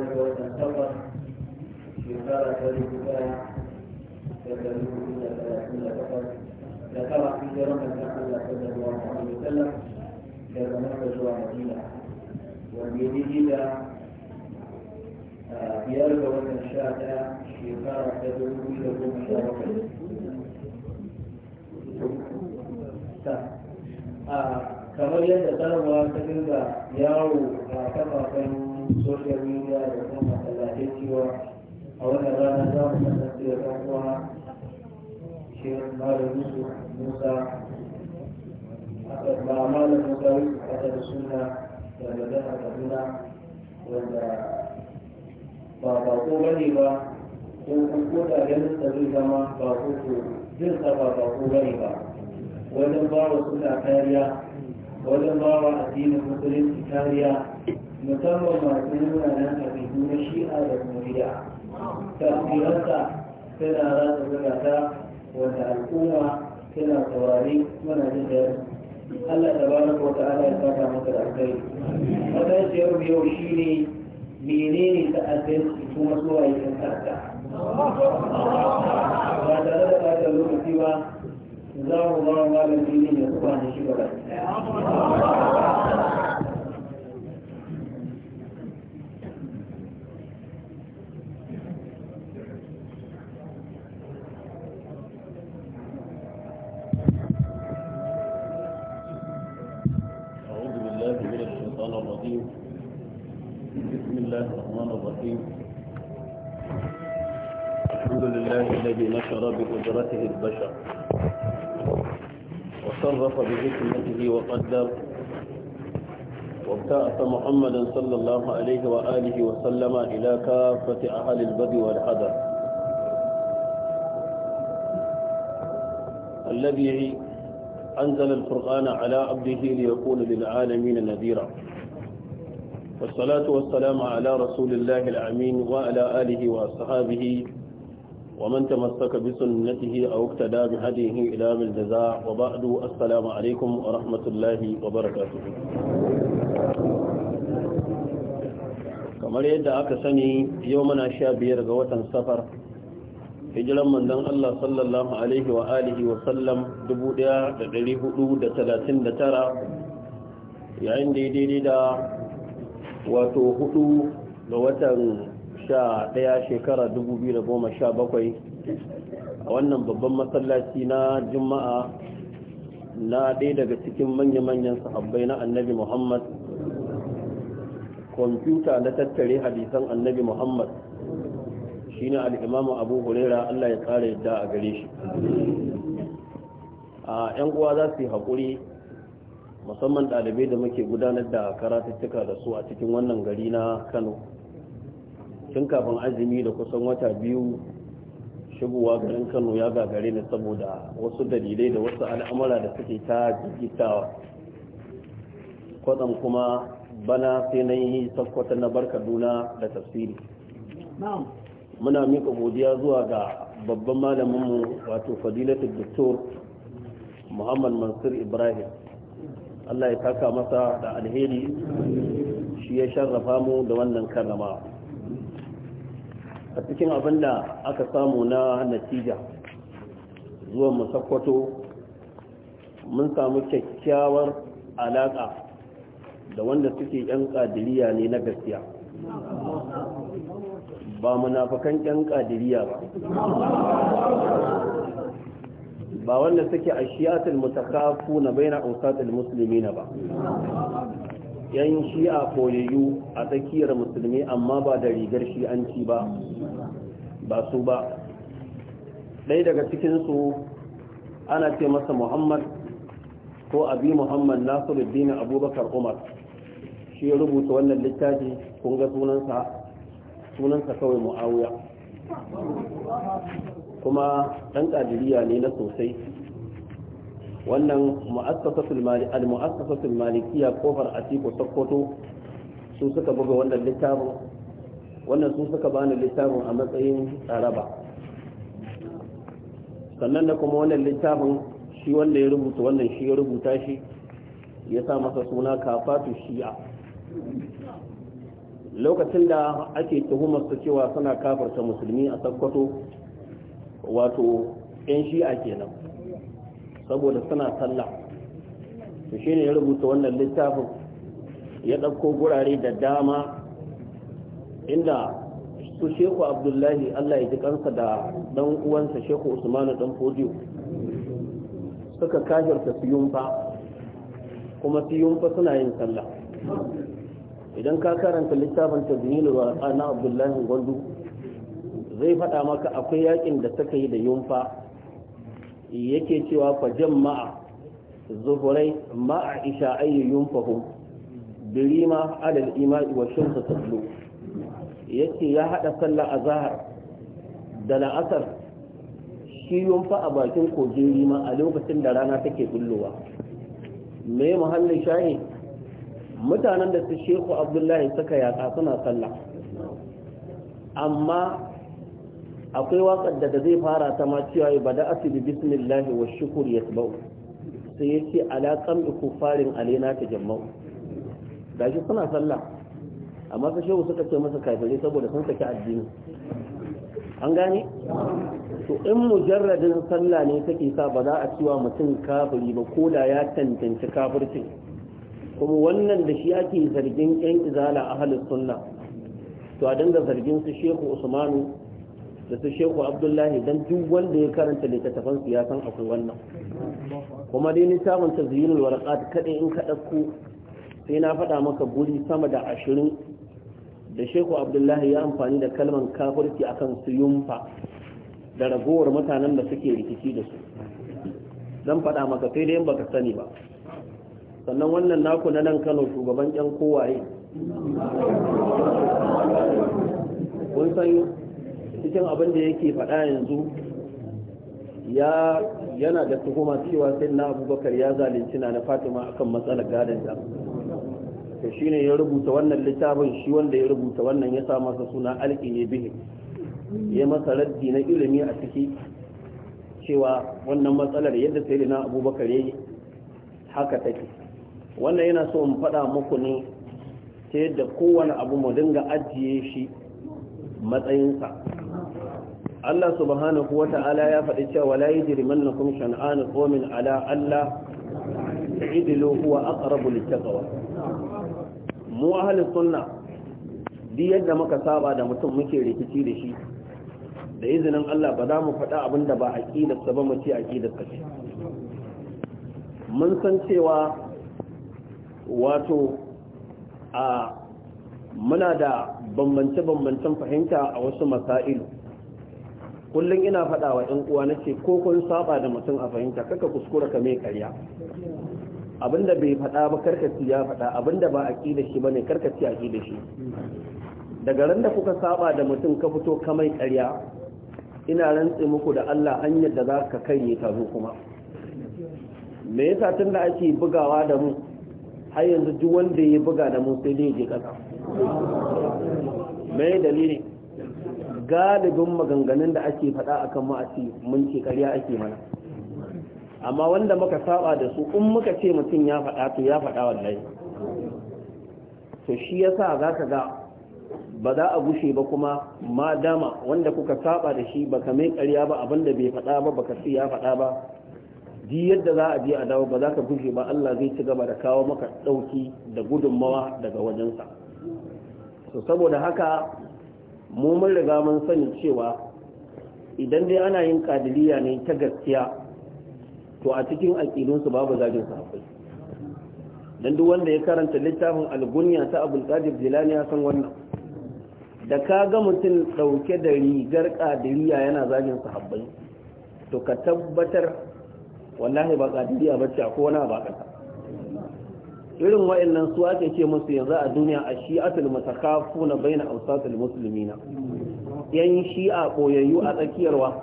biyar ga watan takwas shekara ta dubu daya da dari hudu da talatin da takwas da kama hijirar manzon Allah sallallahu alaihi wasallam daga Makka zuwa Madina wanda ya yi da biyar ga watan sha daya shekara ta dubu da kamar yadda sanarwa ta dinga yawo a kafafen social media da kuma masallatai cewa a wannan rana za mu kasance da ɗan uwa shirin malam yusuf musa ba malam musa yusuf a da suna da magana kaduna wanda ba ba ko bane ba ko ko da ganin sa zai zama ba ko ko jin sa ba ba ko bane ba wajen ba wa suna kariya wajen ba wa addinin musulunci kariya musamman masu nuna nan kafiku na shi'a da kuma bida tafirarsa tana rasa ta wanda al'umma tana saurari muna jin da Allah ta bani ko ta ala ya saka masa da alkai matashiyar mu yau shi ne menene ta'addanci kuma zuwa yi kan ta'adda ba tare da ɓata lokaci ba za mu ba wa malami ne mai kuma da shi ba الرحيم الحمد لله الذي نشر بقدرته البشر وصرف بحكمته وقدر وابتعث محمدا صلى الله عليه وآله وسلم إلى كافة أهل البدو والحذر الذي أنزل القرآن على عبده ليكون للعالمين نذيرا والصلاة والسلام على رسول الله الأمين وعلى آله وأصحابه ومن تمسك بسنته أو اقتدى بهديه إلى الجزاء وبعد السلام عليكم ورحمة الله وبركاته kamar yadda aka sani yau mana sha biyar ga watan safar hijiran manzon Allah sallallahu alaihi wa alihi wa sallam 1439 yayin da daidai da wato hudu ga watan sha daya shekara 2017 a wannan babban masallaci na juma'a na ɗaya daga cikin manya-manyan sahabbai na annabi muhammad kwamfuta na tattare hadisan annabi muhammad shine al'imamu abu hurera allah ya tsara yadda a gare shi a 'yan uwa za su yi haƙuri musamman ɗalibai da muke gudanar da karatuttuka da su a cikin wannan gari na kano tun kafin azumi da kusan wata biyu shigowa garin kano ya gagare ni saboda wasu dalilai da wasu al'amura da suke ta jikitawa kuma bana sai na yi sakwata na bar kaduna da tafsiri muna mika godiya zuwa ga babban malaminmu wato fadilatul doctor muhammad mansur ibrahim Allah ya saka masa da alheri shi ya sharrafa mu da wannan karama a cikin abin da aka samu na natija zuwa mu mun samu kyakkyawar alaƙa da wanda suke yan ƙadiriya ne na gaskiya ba munafakan yan ƙadiriya ba ba wanda suke a shi'atul mutakafu na baina ausatul musulmi na ba yan shi'a koyayyu a tsakiyar musulmi amma ba da rigar shi'anci ba ba su ba ɗaya daga cikinsu ana ce masa muhammad ko abi muhammad nasiruddin abubakar umar shi ya rubuta wannan littafi kun ga sunansa sunansa kawai mu'awiya kuma ɗan ƙadiriya ne na sosai wannan muassasatul malikiya kofar atiku sokoto su suka buga wannan littafin wannan su suka bani littafin a matsayin tsaraba sannan da kuma wannan littafin shi wanda ya rubuta wannan shi ya rubuta shi ya sa masa suna kafatu shi'a lokacin da ake tuhumar su cewa suna kafarta musulmi a sakkwato wato yan shi'a kenan saboda suna sallah to ne ya rubuta wannan littafin ya ɗauko gurare da dama inda su sheku abdullahi allah ya ji kansa da ɗan uwansa sheku usmanu ɗan fodiyo suka kafirta su yunfa kuma su yunfa suna yin sallah idan ka karanta littafin tazminul warqa na abdullahi gwandu zai faɗa maka akwai yakin da suka yi da yunfa yake cewa fa jama'a zuhurai ma'a isha ayyu yunfahum birima adal ima'i wa shamsu tadlu yake ya hada sallar azhar da la'asar shi yunfa a bakin kogin rima a lokacin da rana take bullowa me muhallin shayi mutanen da su shehu abdullahi suka yaka suna sallah amma akwai waƙar da zai fara ta ma cewa ba da asibi bismillahi wa shukur ya tabau sai ya ce alaƙan kufarin alena ta jammau da shi suna sallah amma ta shehu suka ce masa kafirai saboda sun saki addini an gane to in mujarradin sallah ne take sa ba za a cewa mutum kafiri ba ko da ya tantance kafircin kuma wannan da shi ake zargin yan izala halin sunna to a dinga zargin su shehu usmanu da su shehu abdullahi don duk wanda ya karanta littattafan su ya san akwai wannan kuma dai ni ta zuyinul warqat kadai in ka dauko sai na faɗa maka guri sama da ashirin da shehu abdullahi ya amfani da kalman kafirci akan su yumfa da ragowar mutanen da suke rikici da su zan faɗa maka sai dai baka sani ba sannan wannan naku na nan kano shugaban yan kowaye kun san cikin abin da yake faɗa yanzu ya yana da tuhuma cewa sai na abubakar ya zalunci na na fatima akan matsalar ta shi ne ya rubuta wannan littafin shi wanda ya rubuta wannan ya sa masa suna alƙi ne bihi ya masa raddi na ilimi a ciki cewa wannan matsalar yadda sai na abubakar yi haka take wannan yana so in faɗa muku ne ta yadda kowane abu mu dinga ajiye shi matsayinsa Allah subhanahu wa ta'ala ya faɗi cewa la yajrimannakum shan'anu qawmin ala alla ta'dilu huwa aqrabu littaqwa mu ahli sunna duk yadda muka saba da mutum muke rikici da shi da izinin Allah ba za mu faɗa abin da ba aqidarsa ba mu ce aqidarsa ce mun san cewa wato a muna da bambance-bambancen fahimta a wasu masailu kullum ina faɗa wa ɗan uwa ce ko kun saba da mutum a fahimta kaka kuskura ka mai ƙarya abinda bai faɗa ba karkaci ya faɗa abinda ba a ƙi da shi bane karkaci a ƙi da shi daga ran da kuka saba da mutum ka fito ka mai ƙarya ina rantse muku da Allah hanyar da za ka kai ta zo kuma me yasa tun da ake bugawa da mu har yanzu duk wanda ya buga da mu sai dai je ƙasa me dalili galibin maganganun da ake faɗa akan kan ma'asi mun ce ƙarya ake mana amma wanda muka saba da su in muka ce mutum ya faɗa to ya faɗa wallahi to shi yasa ka ga ba za a gushe ba kuma ma dama wanda kuka saba da shi baka mai ƙarya ba abinda bai faɗa ba baka ce ya faɗa ba ji yadda za a je a dawo ba za ka gushe ba Allah zai ci gaba da kawo maka ɗauki da gudunmawa daga wajensa to saboda haka mu mun riga mun sani cewa idan dai ana yin kadiriya ne ta gaskiya to a cikin aƙidunsu babu zagin sahabbai dan duk wanda ya karanta littafin algunya ta abul qadir jilani ya san wannan da ka ga mutum dauke da rigar kadiriya yana zagin sahabbai to ka tabbatar wallahi ba kadiriya ce ko na ba kasa irin wa'annan su ake ce musu yanzu a duniya a shi'atul mutakafuna baina musulmi na. yan shi'a koyayyu a tsakiyarwa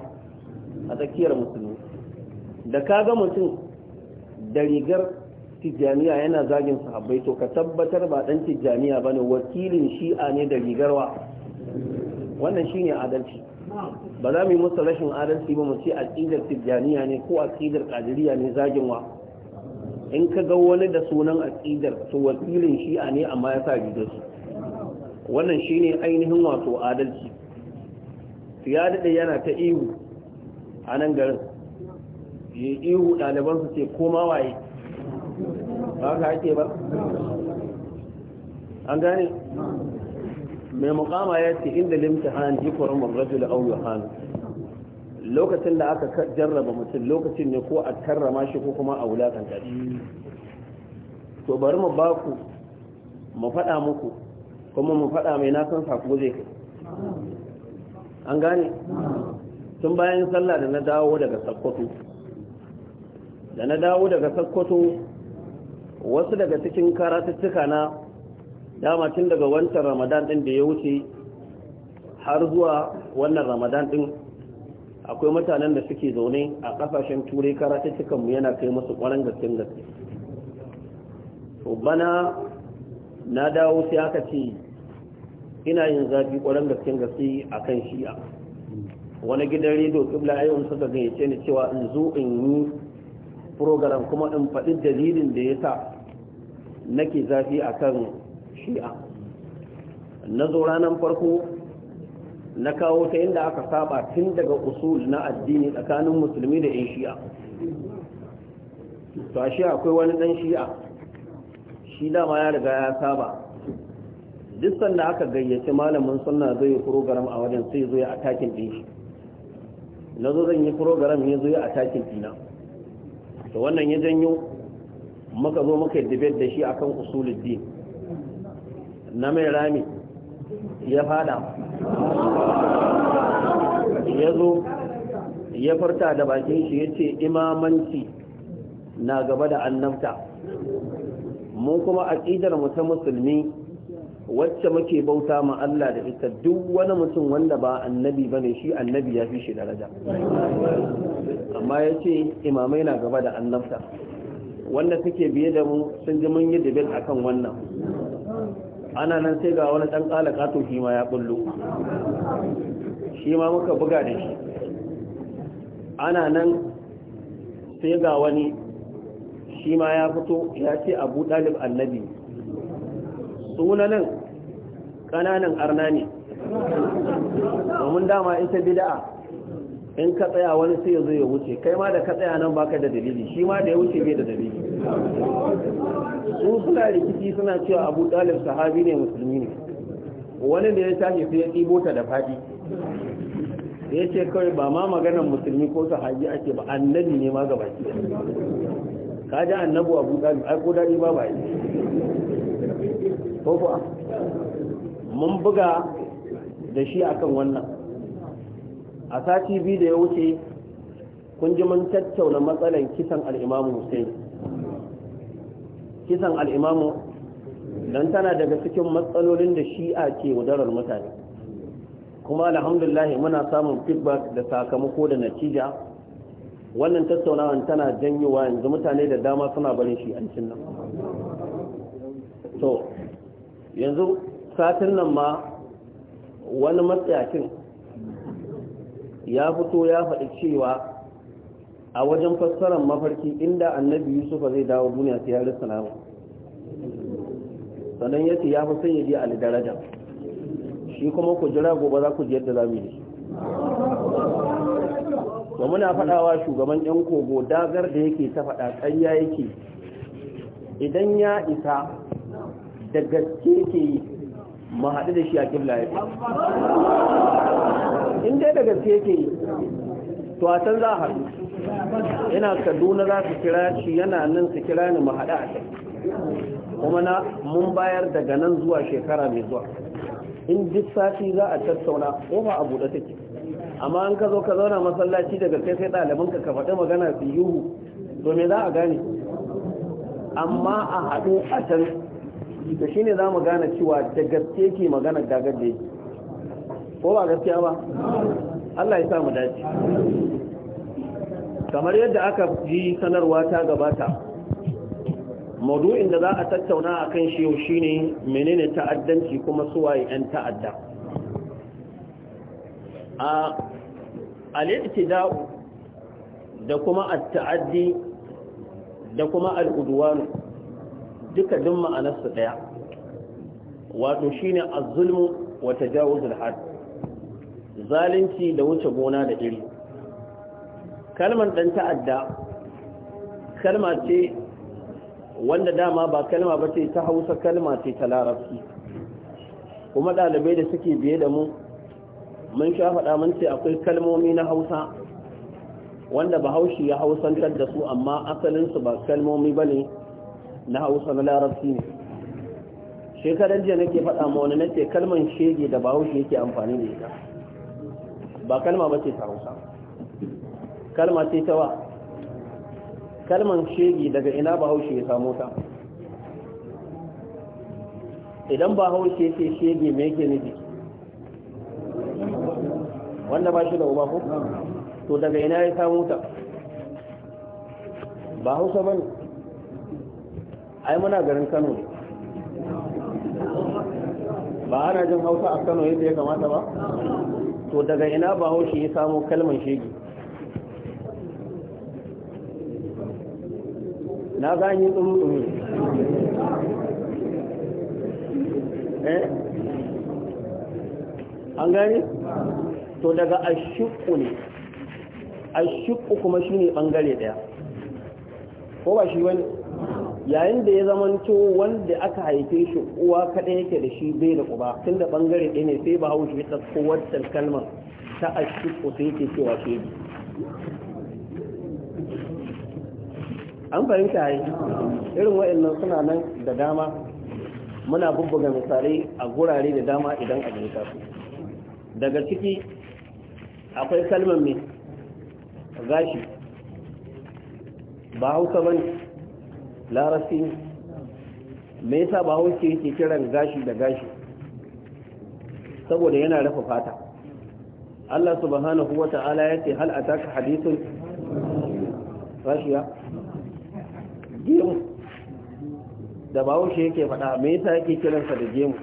tsakiyar musulmi da kaga mutum da rigar tijjaniya yana zagin sahabbai to ka tabbatar ba dan tijjaniya bane wakilin shi'a ne da rigarwa wannan shine adalci ba za mu yi musu rashin adalci ba mu ce tsidar tijjaniya ne ko a tsidar kadiriya ne zagin wa in ka ga wani da sunan aqidar to wakilin shi'a ne amma ya sa rigar su wannan shine ainihin wato adalci ya daɗe yana ta ihu a nan garin ya ihu ɗaliban su ce koma waye ba ka haƙe ba an gane mai mukama ya ce inda limta hannun jikorin marrajul auyu hannun lokacin da aka jarraba mutum lokacin ne ko a karrama shi ko kuma a wulakanta shi to bari mu baku mu faɗa muku kuma mu faɗa mai na san sako zai kai an gane tun bayan sallah da na dawo daga sakkwato da na dawo daga sakkwato wasu daga cikin karatuttuka na dama tun daga wancan ramadan ɗin da ya wuce har zuwa wannan ramadan ɗin akwai mutanen da suke zaune a kasashen turai karatun mu yana kai musu kwarin gaske gaske bana na dawo sai aka ce ina yin zafi kwarin gaske gaske a kan shi'a wani gidan rediyo kibla ayyuan suka gayyace ni cewa in zo in yi program kuma in faɗi dalilin da ya sa nake zafi a kan shi'a na zo ranar farko na kawo ta inda aka saba tun daga usul na addini tsakanin musulmi da 'yan shi'a to a shi'a akwai wani dan shi'a shi dama ya riga ya saba duk sanda aka gayyace malamin sunna zai yi program a wajen sai zo ya atakin din shi na zo zan yi program ya zo ya atakin ɗina to wannan ya janyo maka zo maka debate da shi akan usulul din na mai rami ya fada ya zo ya farta da bakin shi ya ce imamanci na gaba da annabta mu kuma aƙidar mu ta musulmi wacce muke bauta ma Allah da ita duk wani mutum wanda ba annabi ba ne shi annabi ya fi shi daraja amma ya ce imamai na gaba da annabta wanda suke biye da mu sun ji mun yi a akan wannan ana nan sai ga wani ɗan ƙala kato shi ma ya bullo shi ma muka buga da shi ana nan sai ga wani shi ma ya fito ya ce abu ɗalib annabi sunanin ƙananan arna ne domin dama ita bida'a in ka tsaya wani sai ya zo ya wuce kai ma da ka tsaya nan baka da dalili shi ma da ya wuce bai da dalili su suna rikici suna cewa abu ɗalib sahabi ne musulmi ne wani da ya tashi sai ya ɗibo ta da faɗi ya ce kawai ba ma maganar musulmi ko sahabi ake ba annabi ne ma gaba ke ka ji annabu abu dalib ai ko daɗi ba ba yi ko kuwa mun buga da shi akan wannan a sati biyu da ya wuce kun ji mun tattauna matsalan kisan al'imamu musulmi kisan al'imamu don tana daga cikin matsalolin da shi'a ke wadarar mutane kuma alhamdulillah muna samun feedback da sakamako da natija wannan tattaunawa tana janyowa yanzu mutane da dama suna barin shi an nan to yanzu satin nan ma wani matsayakin ya fito ya faɗi cewa a wajen fassarar mafarki inda annabi yusufa zai dawo duniya sai ya rasa sannan ya ya fi sanya je a daraja shi kuma ku jira gobe za ku ji yadda za mu yi ba muna faɗawa shugaban ɗan kogo dagar da yake ta faɗa ƙarya yake idan ya isa da gaske ke yi ma haɗu da shi a kibla ya fi in dai da gaske ke yi to a can za a haɗu yana kaduna za su kira shi yana nan su kira ni ma haɗu a kai kuma na mun bayar daga nan zuwa shekara mai zuwa in duk sati za a tattauna kofa a buɗe take amma an ka zo ka zauna masallaci daga kai sai ɗalibanka ka faɗi magana su yuhu to me za a gane amma a haɗu a can da shi ne za mu gane cewa da gaske ke magana gagar da yake ko ba gaskiya ba Allah ya sa mu dace kamar yadda aka ji sanarwa ta gabata maudu'in da za a tattauna a kan shi yau shi ne menene ta'addanci kuma suwaye 'yan ta'adda a al'itida'u da kuma ta'addi da kuma al'uduwanu duka dun ma'anarsu ɗaya wato shi ne a zulmu wata jawo zulhad zalunci da wuce gona da iri kalmar ɗan ta'adda kalma ce wanda dama ba kalma ba ce ta hausa kalma ce ta larabci kuma ɗalibai da suke biye da mu mun sha faɗa mun ce akwai kalmomi na hausa wanda bahaushe ya hausantar da su amma asalinsu ba kalmomi ba ne na hausa na larabci ne shekarar jiya nake faɗa ma wani nace kalman shege da bahaushe yake amfani da ita ba kalma ba ce ta hausa kalma ce ta wa kalman shegi daga ina bahaushe ya samu ta idan bahaushe ya ce shege mai yake nufi wanda ba shi da uba ko to daga ina ya samu ta ba hausa ba ne ai muna garin kano ne ba ana jin hausa a kano yadda ya kamata ba to daga ina bahaushe ya samu kalman shege na gani tsuru-tsuru eh an gani to daga ashukku ne ashukku kuma shi ne ɓangare ɗaya ko ba shi wani yayin da ya zamanto wanda aka haife shi uwa kaɗai yake da shi bai da uba tun da ɓangare ɗaya ne sai ba haushi ya ta wancan kalmar ta ashukku sai ke cewa shi an fahimta yi irin wa'annan suna nan da dama muna bubbuga misali a gurare da dama idan a jirka su daga ciki akwai kalmar mai gashi ba hausa ba larasi me yasa ba hausa yake kiran gashi da gashi saboda yana rafa fata Allah subhanahu wa ta'ala ya ce hal taka hadithun rashiya gemu da bahaushe yake faɗa me yasa yake kiransa da gemu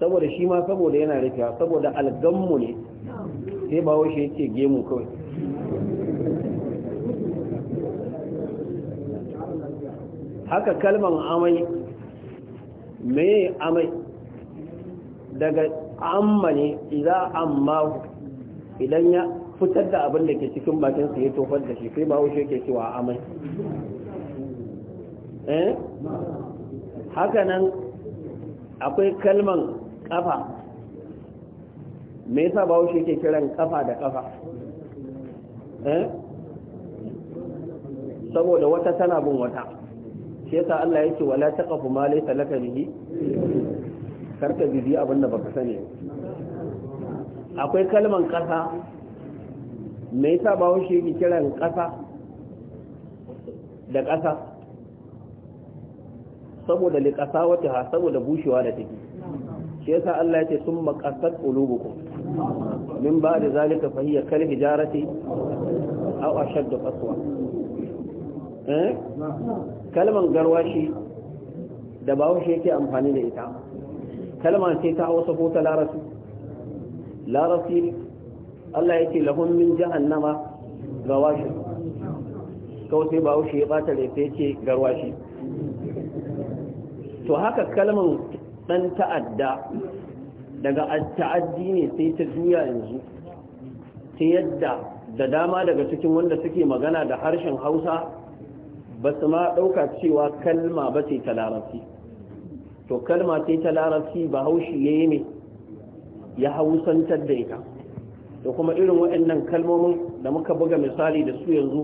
saboda shi ma saboda yana rufewa saboda algammu ne sai bahaushe yake gemu kawai haka kalman amai me amai daga amma ne idan amma idan ya fitar da abin da ke cikin bakinsa ya tofar da shi sai bahaushe yake cewa amai eh haka nan akwai kalman kafa me yasa bawo shi ke kiran kafa da kafa eh saboda wata tana bin wata shi yasa Allah yake wala taqafu ma laysa laka bihi karka bibi abinda baka sani akwai kalman kasa me yasa bawo shi ke kiran kasa da kasa saboda liƙasa wata ha saboda bushewa da take shi yasa Allah yace summa qasat qulubukum min ba'da zalika fa hiya kal hijarati aw ashadd qaswa eh kalman garwashi da bawashi yake amfani da ita kalman sai ta Hausa ko ta larasi Larabci Allah yake lahum min jahannama gawashi kawai sai bawashi ya bata da yake garwashi to haka kalmar dan ta'adda daga ta'addi ne sai ta juya yanzu ta yadda da dama daga cikin wanda suke magana da harshen hausa ba su ma ɗauka cewa kalma ba sai ta larafi to kalma sai ta larabci ba haushi ya yi ne ya hausantar da ita da kuma irin waɗannan kalmomin da muka buga misali da su yanzu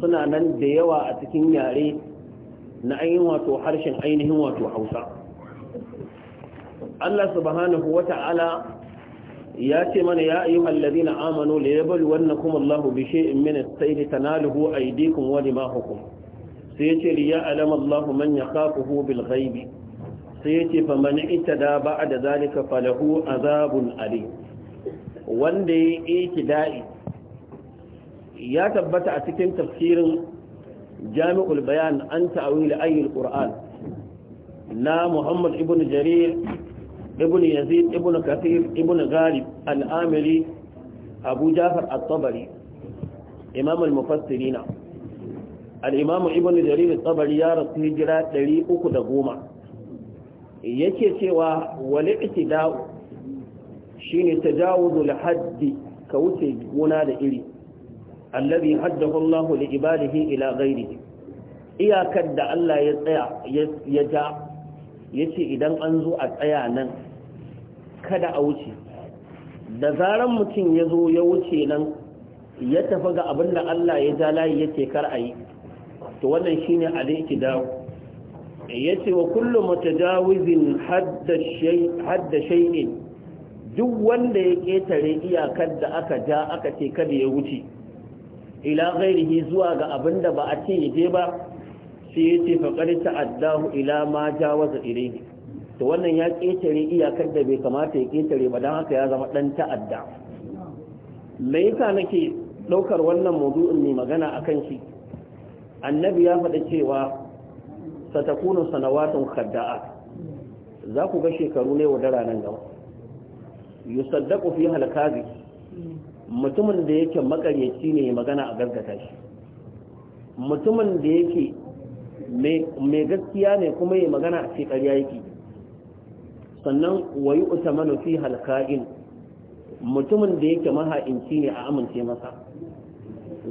suna nan da yawa a cikin yare na ainihin wato harshen ainihin wato hausa Allah subhanahu wa ta'ala ya ce mana ya ayi hallazi na amano da ya bali wannan kuma Allah bishe in mina sai da tanaluhu a idikun wani mahukum sai ya ce "Riya alama Allah man ya kafuhu bil ghaibi sai ya ce fa mani ita da ba a da zalika falahu azabun ali wanda ya yi da'i ya tabbata a cikin tafsirin jami'ul bayan an ta'awil ayyul qur'an na muhammad ibn jarir ibn yazid ibn kathir ibn ghalib al-amili abu jafar at-tabari imam al ibn jarir at ya rasu hijira 310 yake cewa wal ittida'u shine tajawuzu al-haddi ka wuce gona da iri allazi haddahu Allah li ibadihi ila ghairihi iyakar da Allah ya tsaya ya ja yace idan an zo a tsaya nan kada a wuce da zaran mutum ya zo ya wuce nan ya tafi ga abin da Allah ya ja layi yake kar a yi to wannan shine alayki dawo yace wa kullu mutajawizin hadda shay hadda shay'in duk wanda ya ketare iyakar da aka ja aka ce kada ya wuce ila ghairihi zuwa ga abin da ba a ce yaje ba sai yace faqad ta'addahu ila ma jawaza ilayhi to wannan ya ketare iyakar da bai kamata ya ketare ba dan haka ya zama dan ta'adda me yasa nake daukar wannan mawdu'in ne magana akan shi annabi ya faɗa cewa satakunu sanawatun khadda'a za ku ga shekaru ne wa dara nan gaba yusaddaqu fiha al-kadhib mutumin da yake makaryaci ne magana a gaskata shi mutumin da yake mai gaskiya ne kuma yi magana a cikin ƙarya yake sannan wayi utamanu fi halka'in mutumin da yake maha'inci ne a amince masa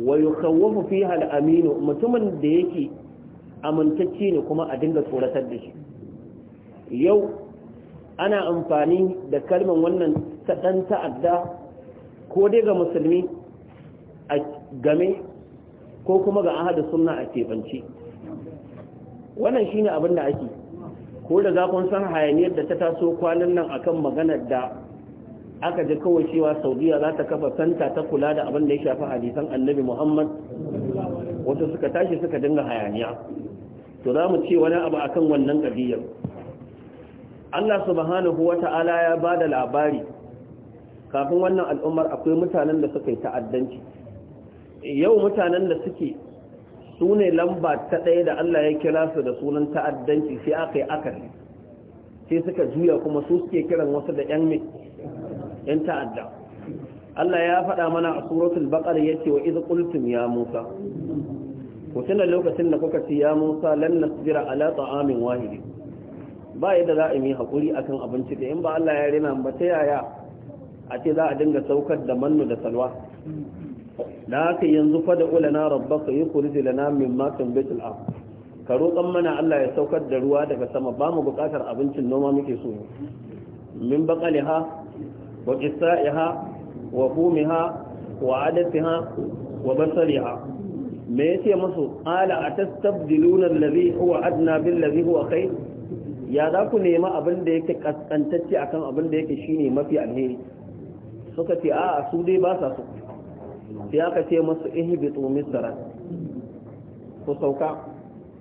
wayi kawwafu fi halAminu mutumin da yake amintacci ne kuma a dinga tsoratar da shi yau ana amfani da kalmar wannan ta ɗan ta'adda ko dai ga musulmi a game ko kuma ga ahadu sunna a kebance, wannan shine abin da ake ko da za kun san hayaniyar da ta taso kwanan nan akan maganar da aka ji kawai cewa saudiya za ta kafa santa ta kula da abin da ya shafi hadisan annabi muhammad wata suka tashi suka dinga hayaniya to za mu ce wani abu akan wannan ƙabiyar allah subhanahu wa ta'ala ya ba da labari kafin wannan al'ummar akwai mutanen da suka yi ta'addanci yau mutanen da suke su ne lamba ta ɗaya da Allah ya kira su da sunan ta'addanci sai aka yi akari sai suka juya kuma su suke kiran wasu da ‘yan mai ta'adda Allah ya faɗa mana a suratul baƙar ya ce wa iz qultum ya musa ku tuna lokacin da kuka ce ya musa lan nasbira ala ta'amin wahidi ba yadda za a yi haƙuri akan abinci da in ba Allah ya rina ba ta yaya a ce za a dinga saukar da mannu da salwa da haka yanzu fa da ulana rabbaka yukhrij lana mimma tunbitul ard ka roƙan mana Allah ya saukar da ruwa daga sama ba mu buƙatar abincin noma muke so min baqaliha wa qissaiha wa fumiha wa adasiha wa basariha me yace musu ala atastabdiluna alladhi huwa adna bil huwa khair ya za ku nema abin da yake kaskantacce akan abin da yake shine mafi alheri suka ce a su dai ba sa su sai aka ce masu ihbitu misra ku sauka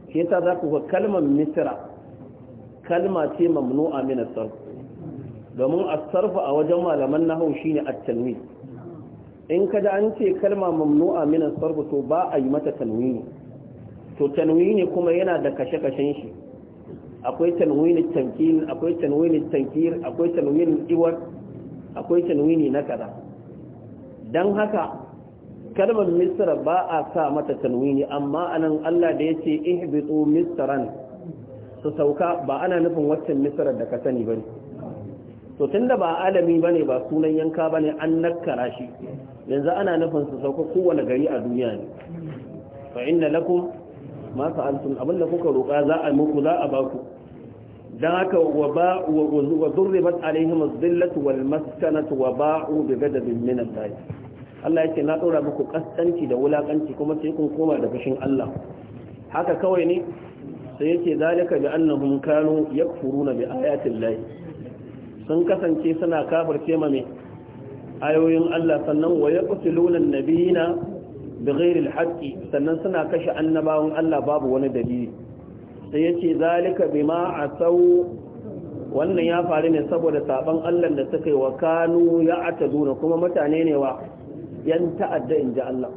shi ta za ku ga kalmar misra kalma ce mamnu'a a as domin a a wajen malaman haushi shine a tanwin in kada an ce kalma mamnu'a a as to ba a yi mata tanwini to ne kuma yana da kashe-kashen shi akwai ne tankil akwai tanwinin tankir akwai ne iwar akwai tanwini na kaza don haka kalmar misra ba a sa mata tanwini amma anan Allah da ya ce ihbitu misran su sauka ba ana nufin waccan misrar da ka sani bane to tunda ba alami bane ba sunan yanka bane an nakara shi yanzu ana nufin su sauka kowane gari a duniya ne fa inna lakum ma abin abinda kuka roƙa za a muku za a baku don haka wa zurribat alaihim az-zillatu wal maskanatu wa ba'u bi ghadabin min Allah Allah yake na dora muku kaskanci da wulakanci kuma sai kun koma da fushin Allah haka kawai ne sai yake zalika bi annahum kanu yakfuruna bi ayati Allah sun kasance suna kafirce ma me ayoyin Allah sannan wa yaqtuluna an-nabiyina bi ghairi al sannan suna kashe annabawan Allah babu wani dalili sai ya ce zalika bima a sau wannan ya faru ne saboda saban allah da suka yi wa kanu ya ata duna kuma mutane ne wa yan ta'adda in ji allah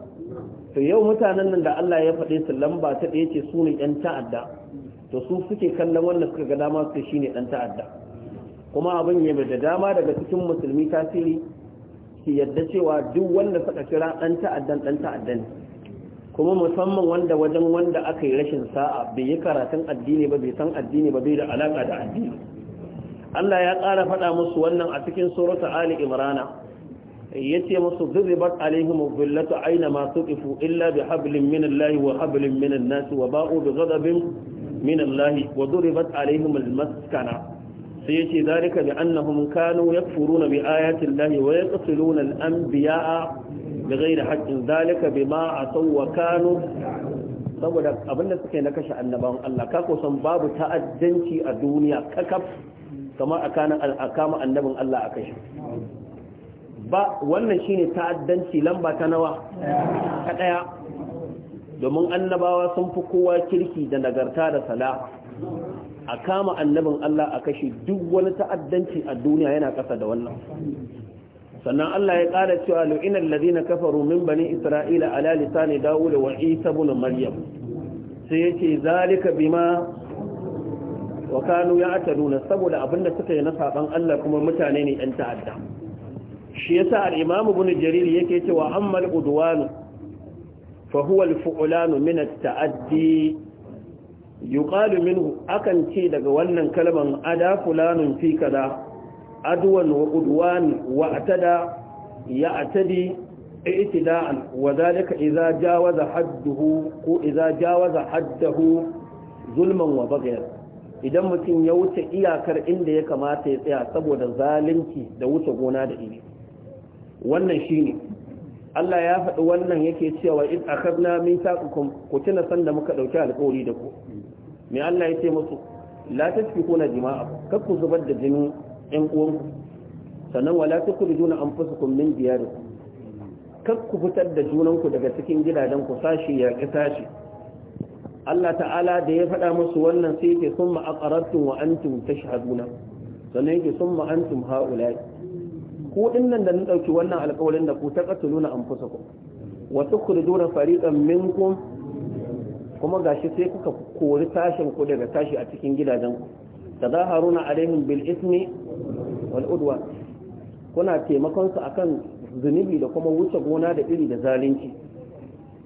to yau mutanen nan da allah ya faɗe su lamba ta ɗaya ce su ne yan ta'adda to su suke kallon wannan suka ga dama su shine ɗan ta'adda kuma abin ya da dama daga cikin musulmi tasiri ki yadda cewa duk wanda suka kira ɗan ta'addan ɗan ta'addan ne kuma musamman wanda wajen wanda aka yi rashin sa'a bai yi karatun addini ba bai san addini ba bai da alaƙa da addini Allah ya ƙara faɗa musu wannan a cikin surata Ali Imrana yace musu dhuzibat alaihim dhillatu aina ma tuqifu illa bihablin min Allah wa hablin min an-nas wa ba'u bi ghadabin min Allah wa duribat alaihim al-maskana sai yace zalika bi annahum kanu yakfuruna bi ayati llahi wa yaqtuluna al-anbiya'a bighairi haqqin zalika bima asaw wa kanu saboda abinda suka yi na kashe annabawan Allah ka babu ta'addanci a duniya kakaf kamar a kanan annabin Allah a kashe ba wannan shine ta'addanci lamba ta nawa ta daya domin annabawa sun fi kowa kirki da nagarta da salaha a kama annabin Allah a kashe duk wani ta'addanci a duniya yana ƙasa da wannan sannan Allah ya ƙara cewa lu'ina allazina kafaru min bani isra'ila ala lisani dawud wa isa ibn maryam sai yace zalika bima wa kanu ya'taduna saboda abinda suka yi na saban Allah kuma mutane ne 'yan ta'adda shi yasa al-imamu ibn jarir yake cewa ammal udwan fa huwa al-fu'lan min at-ta'addi yuqalu minhu akan ce daga wannan kalman ada fulanun fi kada adwan wa udwan wa atada ya atadi i'tida'an wa zalika idza jawaza hadduhu ko idza jawaza haddahu zulman wa baghyan idan mutum ya wuce iyakar inda ya kamata ya tsaya saboda zalunci da wuce gona da iri wannan shine Allah ya faɗi wannan yake cewa in akhadna mithaqakum ku tuna sanda muka dauki alƙawari da ku me Allah ya ce musu la tasfikuna jima'a kar ku zubar da jini ɗan uwanku sannan wala tukhrijuna anfusakum min diyarikum kar ku fitar da junanku daga cikin gidajen ku sashi ya ki sashi Allah ta'ala da ya faɗa musu wannan sai yake summa aqarattum wa antum tashhaduna sannan yake summa antum ha'ula'i Kuɗin nan da na ɗauki wannan alƙawarin da ku ta katuluna anfusakum wa tukhrijuna fariqan minku? kuma gashi sai kuka kori tashin ku daga tashi a cikin gidajen ku tadaharuna alaihim bil ismi wal kuna taimakon su kan zunubi da kuma wuce gona da iri da zalunci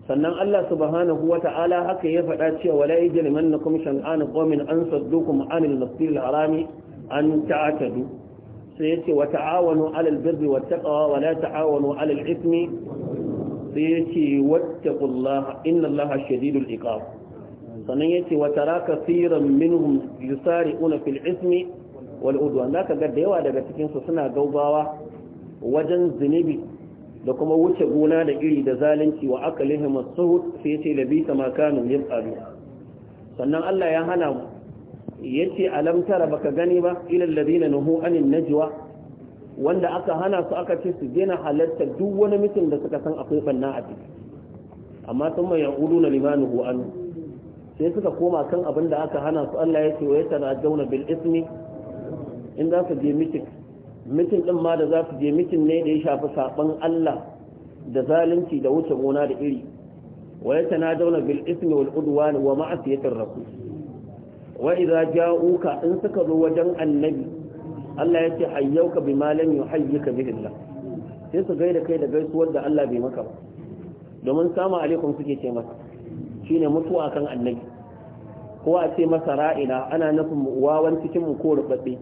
sannan Allah subhanahu wa ta'ala haka ya faɗa cewa wala yajrimannakum shan'an qawmin an saddukum anil masjidil harami an ta'tadu sai yace wa ta'awanu 'alal birri wat taqwa wa la ta'awanu 'alal ithmi sai yace wattaqullaha innallaha shadidul iqab sannan yace wa tara kaseeran minhum yusari'una fil ithmi wal udwan zaka ga da yawa daga cikin su suna gaubawa wajen zunubi da kuma wuce gona da iri da zalunci wa akalihim as-suhud sai yace labisa ma kanu yaf'alu sannan Allah ya hana yace alam tara baka gani ba ilal ladina nuhu anin najwa wanda aka hana su aka ce su daina halatta duk wani mutum da suka san akwai banna a ciki amma sun mai yaquluna limanuhu an sai suka koma kan abin da aka hana su Allah yace ce wa bil ismi in za su je mitin mitin din ma da za su je mitin ne da ya shafi saban Allah da zalunci da wuce gona da iri wa yatanajawna bil ismi wal udwan wa ma'siyatir rasul wa idza ja'uka in suka zo wajen annabi Allah ya ce hayyauka bima lam yuhayyika bihi Allah sai su gaida kai da gaisuwar da Allah bai maka ba domin sama alaikum suke ce masa shine mutuwa kan annabi ko a ce masa ra'ina ana nufin wawan cikin ko rubabbe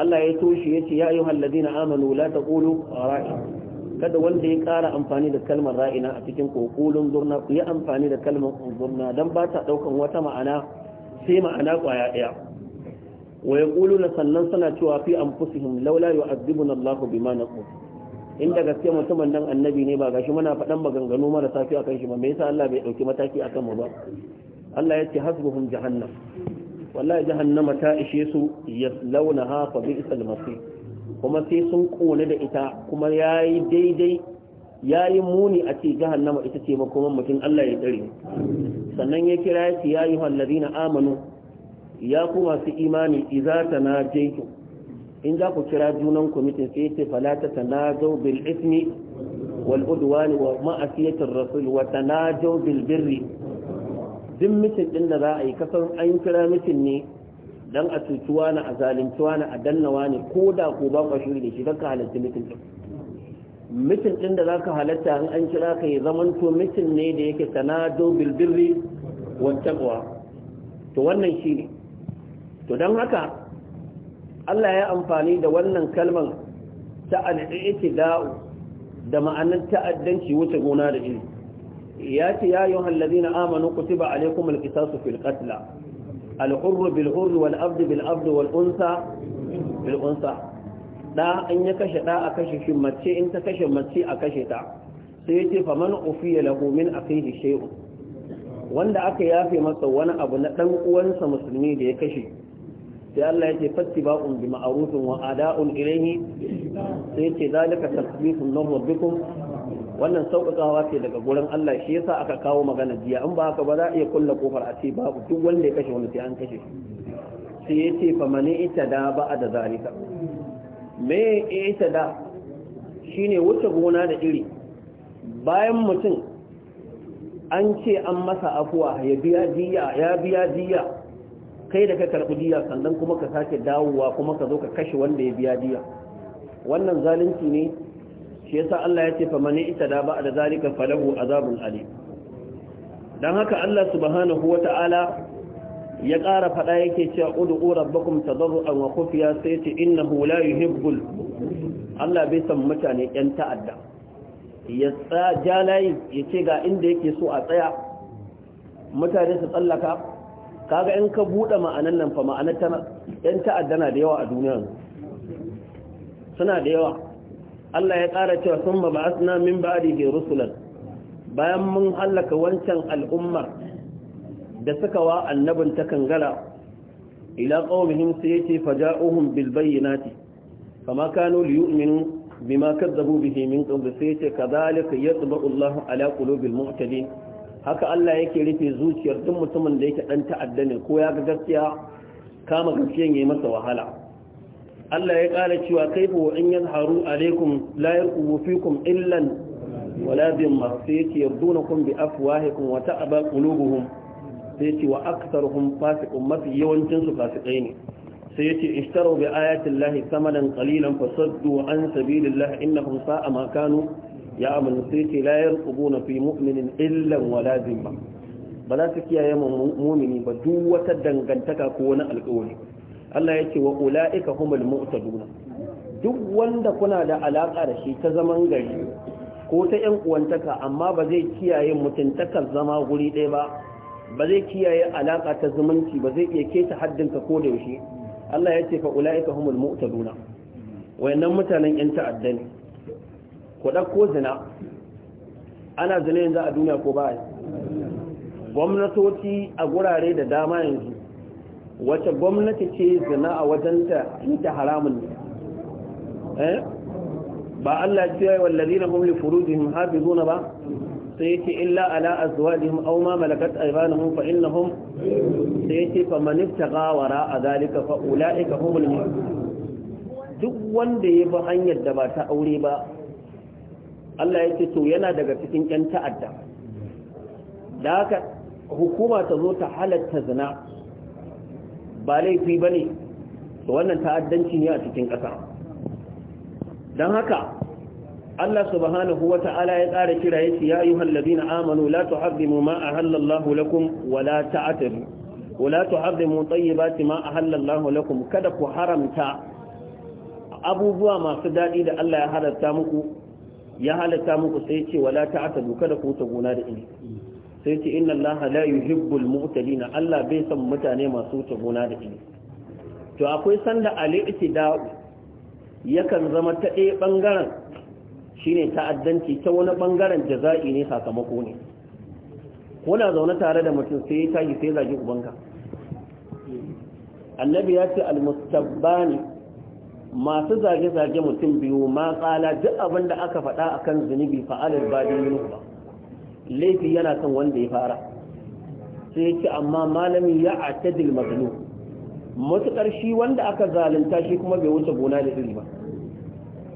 Allah ya toshe ya ce ya ayyuhal ladina amanu la taqulu kada wanda ya kara amfani da kalmar ra'ina a cikin kokulun zurna ku yi amfani da kalmar zurna dan ba ta daukan wata ma'ana sai ma'ana kwaya daya wa na sannan suna cewa fi anfusihim laula na Allahu na ku. in da gaske mutumin nan annabi ne ba ga shi muna faɗan maganganu marasa a kan shi ba me yasa Allah bai ɗauki mataki akan mu ba Allah ya ce hasbuhum jahannam wallahi jahannama ta ishe su ya launa yaslaunaha fa bi'sal masir kuma sai sun kone da ita kuma ya yi daidai ya yi muni a ce jahannama ita ce makoman mutum Allah ya tsare sannan ya kira ya ce ya yi na amanu ya ku masu imani za ta na jaitu in za ku kira junan kwamitin sai ce falata ta na zau bil ismi wal udwani wa ma'asiyatin rasul wa ta na jau bil birri din mutum din da za a yi kasar an kira mutum ne dan a cutuwa na a zalimtuwa na a dannawa ne ko da ko ba ku da shi ka halatta mutum din mitin ɗin da za ka halatta in an kira ka yi zamanto mitin ne da yake tanado bilbirri wattaɓuwa to wannan shi ne to don haka allah ya amfani da wannan kalmar ta al'i'iti da'u da ma'anar ta'addanci wuce gona da iri ya ce ya yi hallazi na amanu ku ci ba alaikum alkisasu fil katla al'urru bil'urru wal'abdu bil'abdu wal'unsa bil'unsa da an ya kashe da a kashe shi mace in ta kashe mace a kashe ta sai ya ce faman ufiya lahu min shi shay'u wanda aka yafe masa wani abu na dan uwansa musulmi da ya kashe sai Allah ya ce fattiba'un bi ma'rufin wa ada'un ilayhi sai ya ce zalika tasbihun lahu bikum wannan sauƙaƙawa ce daga gurin Allah shi yasa aka kawo magana jiya in ba haka ba za a iya kulla kofar a ce ba duk wanda ya kashe wani sai an kashe sai ya ce fa mani ita da ba da zalika me ita da ne wuce gona da iri bayan mutum an ce an masa afuwa ya biya diya ya biya diya kai da ka karɓi diya sannan kuma ka sake dawowa kuma ka zo ka kashe wanda ya biya diya wannan zalunci ne shi yasa Allah ya ce fa mani itada ba da zalika falahu azabun ali dan haka Allah subhanahu wataala ya ƙara faɗa yake cewa ud'u rabbakum an wa khufiya sai ce hula yi hibbul Allah bai san mutane ƴan ta'adda ya tsaja layi ya ce ga inda yake so a tsaya mutane su tsallaka kaga in ka buɗe ma'anan nan fa ma'anar tana ƴan ta'adda na da yawa a duniya suna da yawa Allah ya ƙara cewa sun ba ba'asna min ke rusulan bayan mun hallaka wancan al'ummar da suka wa annabin ta kangara ila qaumihim sai yace faja'uhum bil bayyinati fama kanu liyu'minu bima kadzabu bihi min qabl sai yace kadhalika yatba'u Allah ala qulubil mu'tadin haka Allah yake rufe zuciyar duk mutumin da yake dan ta'adda ne ko ya ga gaskiya kama gaskiyan yayi masa wahala Allah ya kara cewa kaifu wa in yazharu alaikum la yarqubu fikum illan wala dhimma sai yace bi afwahikum wa ta'aba qulubuhum sai ce wa aktsaruhum fasiqun mafi yawancin su fasikai ne sai yace ishtaru bi ayati llahi samanan qalilan fasaddu an sabilillahi innahum sa'a ma kanu ya'malu sai yace la yarqubuna fi mu'minin illa wala zimma ba za su kiyaye mu'mini ba duk wata dangantaka ko wani alƙawari Allah ce wa ulaika humul mu'taduna duk wanda kuna da alaka da shi ta zaman gari ko ta yan uwantaka amma ba zai kiyaye mutuntakar zama guri ɗaya ba ba zai kiyaye alaka ta zumunci ba zai iya keta haddinka ko da yaushe Allah ya ce fa ulaika humul mu'taduna wayannan mutanen yan ta'adda ne ku ko zina ana zina yanzu a duniya ko ba gwamnatoci a gurare da dama yanzu wace gwamnati ce zina a ta ita haramun ne eh? ba Allah ya ce wallazina hum li furujihim hafizuna ba sai yace illa ala azwajihim aw ma malakat aymanuhum fa innahum sai yace fa man ibtaqa wara zalika fa ulaika humul duk wanda ya hanyar da ba ta aure ba Allah yake to yana daga cikin yan ta'adda da haka hukuma ta zo ta halatta zina ba laifi bane to wannan ta'addanci ne a cikin ƙasa don haka Allah subhanahu wa ta'ala ya tsara kira yace ya yi ayyuhal ladina amanu la tuharrimu ma a ahallallahu lakum wa la ta'tadu wa la tuharrimu tayyibati ma a ahallallahu lakum kada ku haramta abubuwa masu dadi da Allah ya halatta muku ya halatta muku sai yace wa la ta'tadu kada ku ta gona da ini sai yace inna Allah la yuhibbul mu'tadina Allah bai san mutane masu ta gona da ini to akwai sanda al da yakan zama ta ɗaya ɓangaren. shine ta'addanci ta wani bangaren jaza'i ne sakamako ne kuna zaune tare da mutum sai ya yi sai zagi ubanka annabi ya ce almustabbani masu zage-zage mutum biyu ma tsala duk abin da aka faɗa akan zunubi fa'alar badin yunus ba laifi yana kan wanda ya fara sai ya ce amma malami ya tadil mazlu matuƙar shi wanda aka zalunta shi kuma bai wuce gona da iri ba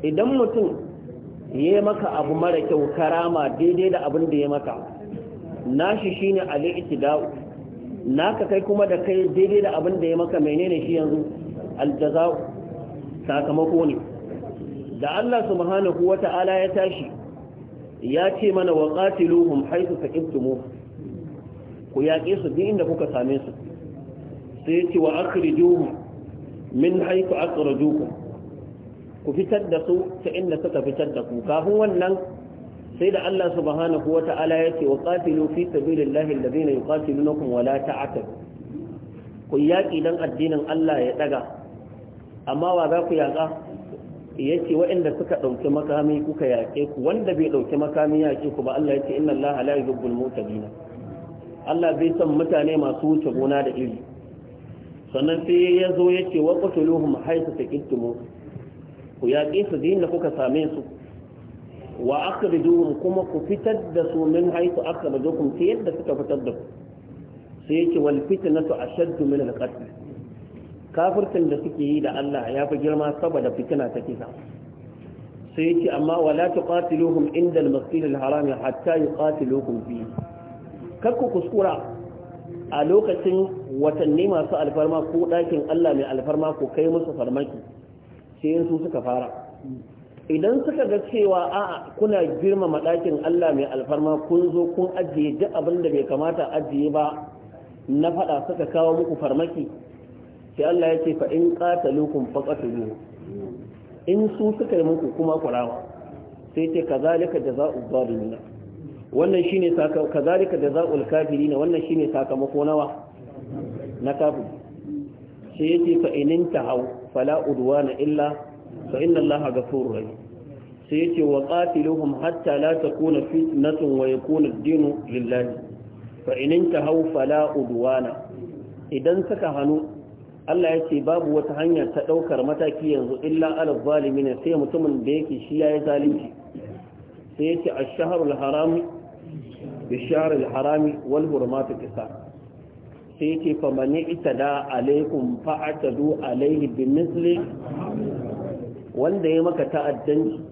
idan mutum yi maka abu mara kyau karama daidai da abin da ya maka nashi shine al Na naka kai kuma da kai daidai da abin da ya maka menene shi yanzu al sakamako ne da Allah subhanahu wata'ala ya tashi ya ce mana wa qatiluhum haythu taqibtum ku yaƙe su duk inda kuka same su sai ya ce wa akhrijuhum min haythu ku fitar da su ta inda suka fitar da ku kafin wannan sai da Allah subhanahu wa ta'ala ya ce wa qatilu fi sabilillahi alladhina yuqatilunakum wa la ta'tadu ku yaki dan addinin Allah ya daga amma wa za ku yaka yace waɗanda suka dauki makami kuka yake ku wanda bai dauki makami yake ku ba Allah yace inna Allah la yuhibbul mutadina Allah bai san mutane masu wuce gona da iri sannan sai ya zo yace wa qatuluhum haythu taqittumu ku yaƙe su da kuka same su wa akhrijuhum kuma ku fitar da su min haythu akhrajukum ta yadda suka fitar da ku sai yake wal fitnatu ashaddu min al-qatl kafirtin da suke yi da Allah ya fi girma saboda fitina ta kisa sai yake amma wala tuqatiluhum inda al-masjid al-haram hatta yuqatilukum fi kakku kuskura a lokacin watanni masu alfarma ko ɗakin Allah mai alfarma ko kai musu farmaki sai su suka fara idan suka ga cewa a kuna girmama ɗakin Allah mai alfarma kun zo kun ajiye duk abin da bai kamata ajiye ba na faɗa suka kawo muku farmaki sai Allah ya ce fa in qatalukum faqatulu in su suka yi muku kuma kurawa sai ce kazalika jazaa'u zalimin wannan shine saka kazalika jazaa'ul kafirin wannan shine sakamako nawa na kafiri sai yace fa inin hau fala udwana illa fa inna allaha ghafurur rahim sai wa qatiluhum hatta la takuna fitnatun wa yakuna kuna dinu lillahi fa inin hau fala udwana idan suka hannu Allah ya ce babu wata hanya ta ɗaukar mataki yanzu illa alal zalimin sai mutumin da yake shi yi zalunci sai yake a shahrul haram bi harami wal hurmatu kisa. sai ce fa mani itada alaikum fa'atadu alaihi bi misli wanda ya maka ta'addanci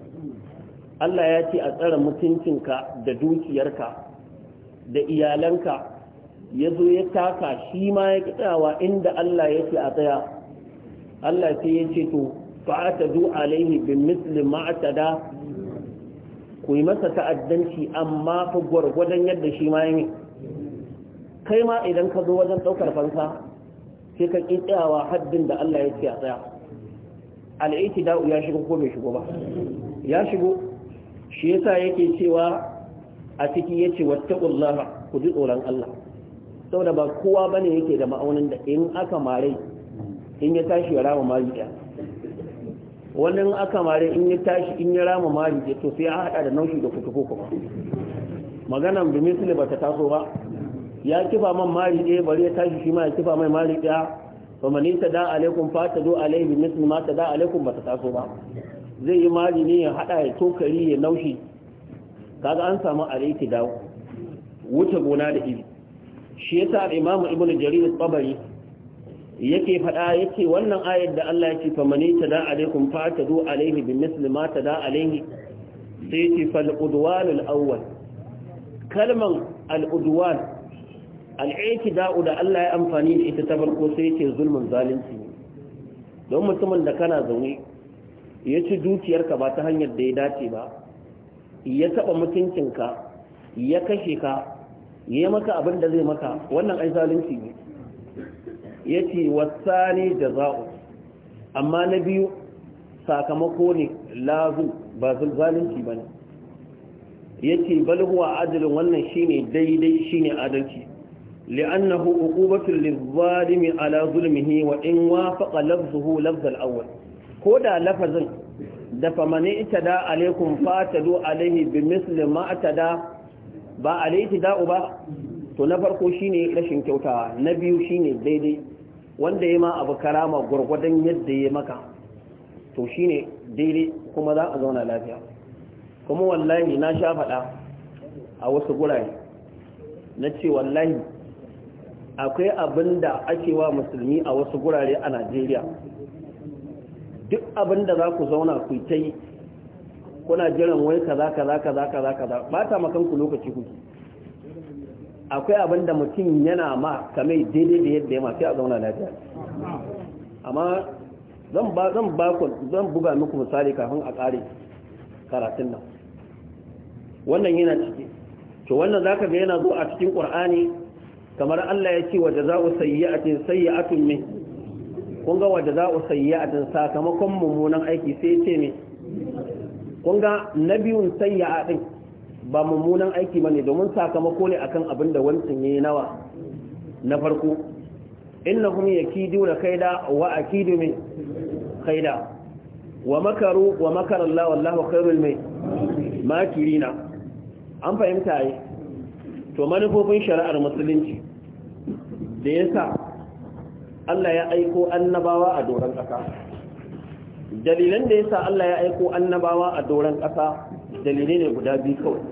Allah ya ce a tsara mutuncinka da dukiyarka da iyalanka ya zo ya taka shi ma ya kitsawa inda Allah ya ce a tsaya Allah sai ya ce to fa'atadu alaihi bi misli ma'atada ku yi masa ta'addanci amma fa gwargwadon yadda shi ma ya kai ma idan ka zo wajen ɗaukar fansa sai ka ƙi tsayawa haddin da Allah ya ce a tsaya al'aiki da'u ya shigo ko bai shigo ba ya shigo shi yasa yake cewa a ciki yace wattaqullaha ku ji tsoron Allah saboda ba kowa bane yake da ma'aunin da in aka mare in ya tashi ya rama mari ɗaya wannan aka mare in ya tashi in ya rama mari ɗaya to sai ya haɗa da naushi da kutuko kuma maganan bimisli ba ta taso ba ya kifa man mari ɗaya bari ya tashi shi ma ya kifa mai mari ɗaya ba mani ta da alaikum fa ta zo alaihi misli ma ta da alaikum ba ta taso ba zai yi mari ne ya haɗa ya tokari ya naushi kaga an samu alaiki dawo wuce gona da iri shi yasa imamu ibnu jarir tabari yake faɗa yake wannan ayar da Allah ya ce fa mani ta da alaikum fa ta zo alaihi bi misli ma ta da alaihi sai ce fal udwanul awwal kalman al da'u da Allah ya amfani da ita ta farko sai yake zulmin zalunci don mutumin da kana zaune ya ci dukiyarka ba ta hanyar da ya dace ba ya taɓa mutuncinka ya kashe ka ya yi maka abin da zai maka wannan ai zalunci ne ya ce wasani da za'u amma na biyu sakamako ne lazu ba zalunci ba ne ya ce balhuwa adalin wannan shine daidai shine adalci لأنه عقوبة للظالم على ظلمه وإن وافق لفظه لفظ الأول كودا da فمن اعتدى عليكم فاتدوا عليه بمثل ما اعتدى با عليه اعتداء با to na farko shine rashin kyautawa na biyu shine daidai wanda ya ma abu karama gurgurdan yadda ya maka to shine daidai kuma za a zauna lafiya kuma wallahi na sha faɗa a wasu guraye na ce wallahi akwai abin da ake wa musulmi a wasu gurare a najeriya duk abin da za ku zauna ku ta yi kuna jiran wai kaza kaza kaza kaza kaza ba ta makanku lokaci ku akwai abin da mutum yana ma kamar daidai da yadda ya mafi a zauna lafiya amma zan ba zan ba ku zan buga muku misali kafin a kare karatun nan wannan yana ciki to wannan zaka ga yana zo a cikin qur'ani kamar Allah ya ce wa jaza'u sayyi'atin sayyi'atun min kun ga wa jaza'u sayyi'atin sakamakon mummunan aiki sai ya ce me kun ga nabiyun sayyi'a din ba mummunan aiki bane domin sakamako ne akan abin da wancan yayi nawa na farko innahum yakiduna kaida wa akidu min kaida wa makaru wa makara Allah wallahu khairul makirina an fahimta yi to manufofin shari'ar musulunci da ya sa Allah ya aiko annabawa a doron ƙasa dalilan da ya sa Allah ya aiko annabawa a doron ƙasa dalilai ne guda biyu kawai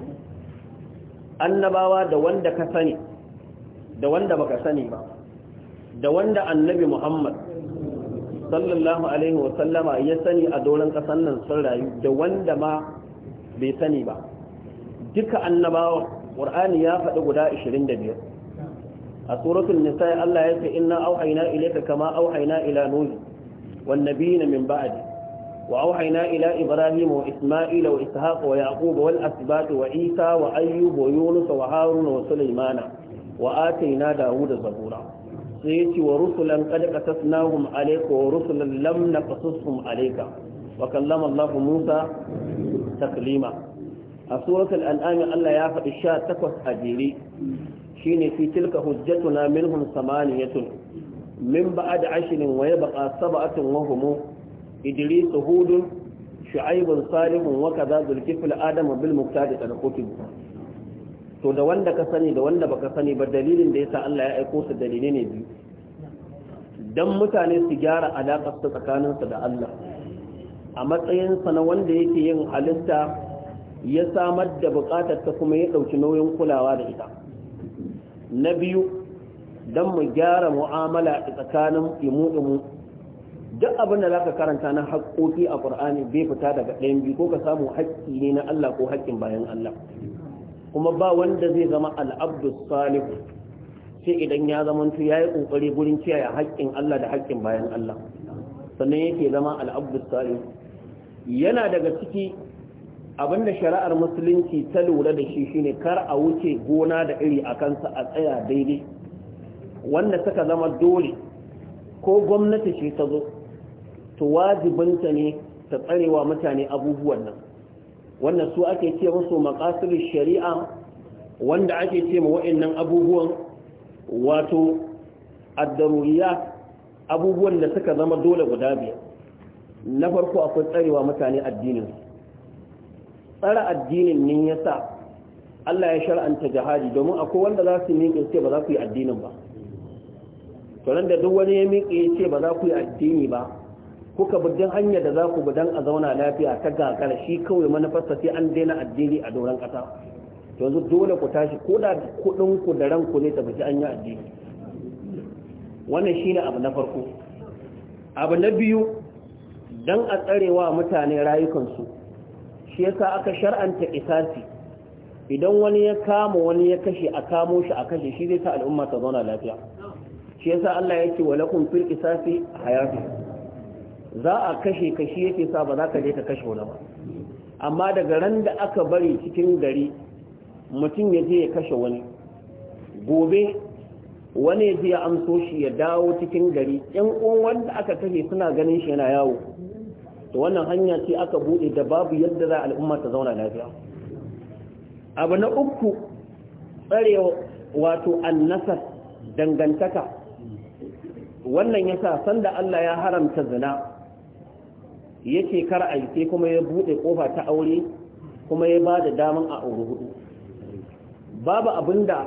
annabawa da wanda ka sani da wanda baka sani ba da wanda annabi Muhammad sallallahu alaihi wa sallama ya sani a doron ƙasan nan sun rayu da wanda ma bai sani ba duka annabawa qur'ani ya faɗi guda 25 a suratul nisa'i Allah ya ce inna auhayna ilayka kama auhayna ila nuh wannabi na min ba'di wa auhayna ila ibrahim wa isma'ila wa ishaqa wa yaquba wal asbat wa isa wa ayyub wa yunus wa harun wa sulaymana wa atayna dawuda zabura sai ya yace wa rusulan qad qasasnahum alayka wa rusulan lam naqasushum alayka wa kallama Allah Musa taklima a suratul al'ami Allah ya faɗi sha takwas a jere shine fi tilka hujjatuna minhum samaniyatun min ba'ad ashirin wa yabqa sab'atun wa hum idris hudun shu'aibun salihun wa kaza zulkifl adam bil muqtadi al kutub to da wanda ka sani da wanda baka sani ba dalilin da yasa Allah ya aiko su dalili ne biyu dan mutane su gyara alaƙar su tsakaninsu da Allah a matsayinsa na wanda yake yin halitta ya samar da bukatar ta kuma ya ɗauki nauyin kulawa da ita na biyu don mu gyara mu'amala a tsakanin imu-imu duk abin da za ka karanta na haƙƙoƙi a ƙur'ani bai fita daga ɗayan biyu ko ka samu haƙƙi ne na Allah ko haƙƙin bayan Allah kuma ba wanda zai zama al'abdus salihu sai idan ya zamantu ya yi ƙoƙari gurin kiyaye haƙƙin Allah da haƙƙin bayan Allah sannan yake zama al'abdus salihu yana daga ciki abinda shari'ar musulunci ta lura da shi shine kar a wuce gona da iri a kansa a tsaya daidai wanda suka zama dole ko gwamnati ce ta zo to wajibinta ne ta tsarewa mutane abubuwan nan wannan su ake ce musu maqasid shari'a wanda ake ce ma wa'annan abubuwan wato addaruriya abubuwan da suka zama dole guda biyar na farko akwai tsarewa mutane addinin tsara addinin ne ya sa Allah ya shar'anta jihadi domin akwai wanda za su miƙe ce ba za ku yi addinin ba tunan da duk wani ya miƙe ce ba za ku yi addini ba kuka bi hanyar da za ku bi don a zauna lafiya ta gagara shi kawai manufarsa sai an daina addini a doron ƙasa yanzu dole ku tashi ko da kuɗin ku da ranku ne ta fi an yi addini wannan shi ne abu na farko abu na biyu don a tsarewa mutane rayukansu shi yasa aka shar'anta isasi idan wani ya kama wani ya kashe a kamo shi a kashe shi zai sa al'umma ta zauna lafiya shi yasa Allah yake ce walakum fil qisasi hayatu za a kashe ka shi yake sa ba za ka je ka kashe wani ba amma daga ran da aka bari cikin gari mutum ya je ya kashe wani gobe wani ya je ya amso shi ya dawo cikin gari yan uwan wanda aka kashe suna ganin shi yana yawo to wannan hanya ce aka buɗe da babu yadda za al'umma ta zauna lafiya abu na uku tsare wato annasar dangantaka wannan yasa sanda Allah ya haramta zina yake kar a sai kuma ya buɗe kofa ta aure kuma ya ba da daman a aure hudu babu abinda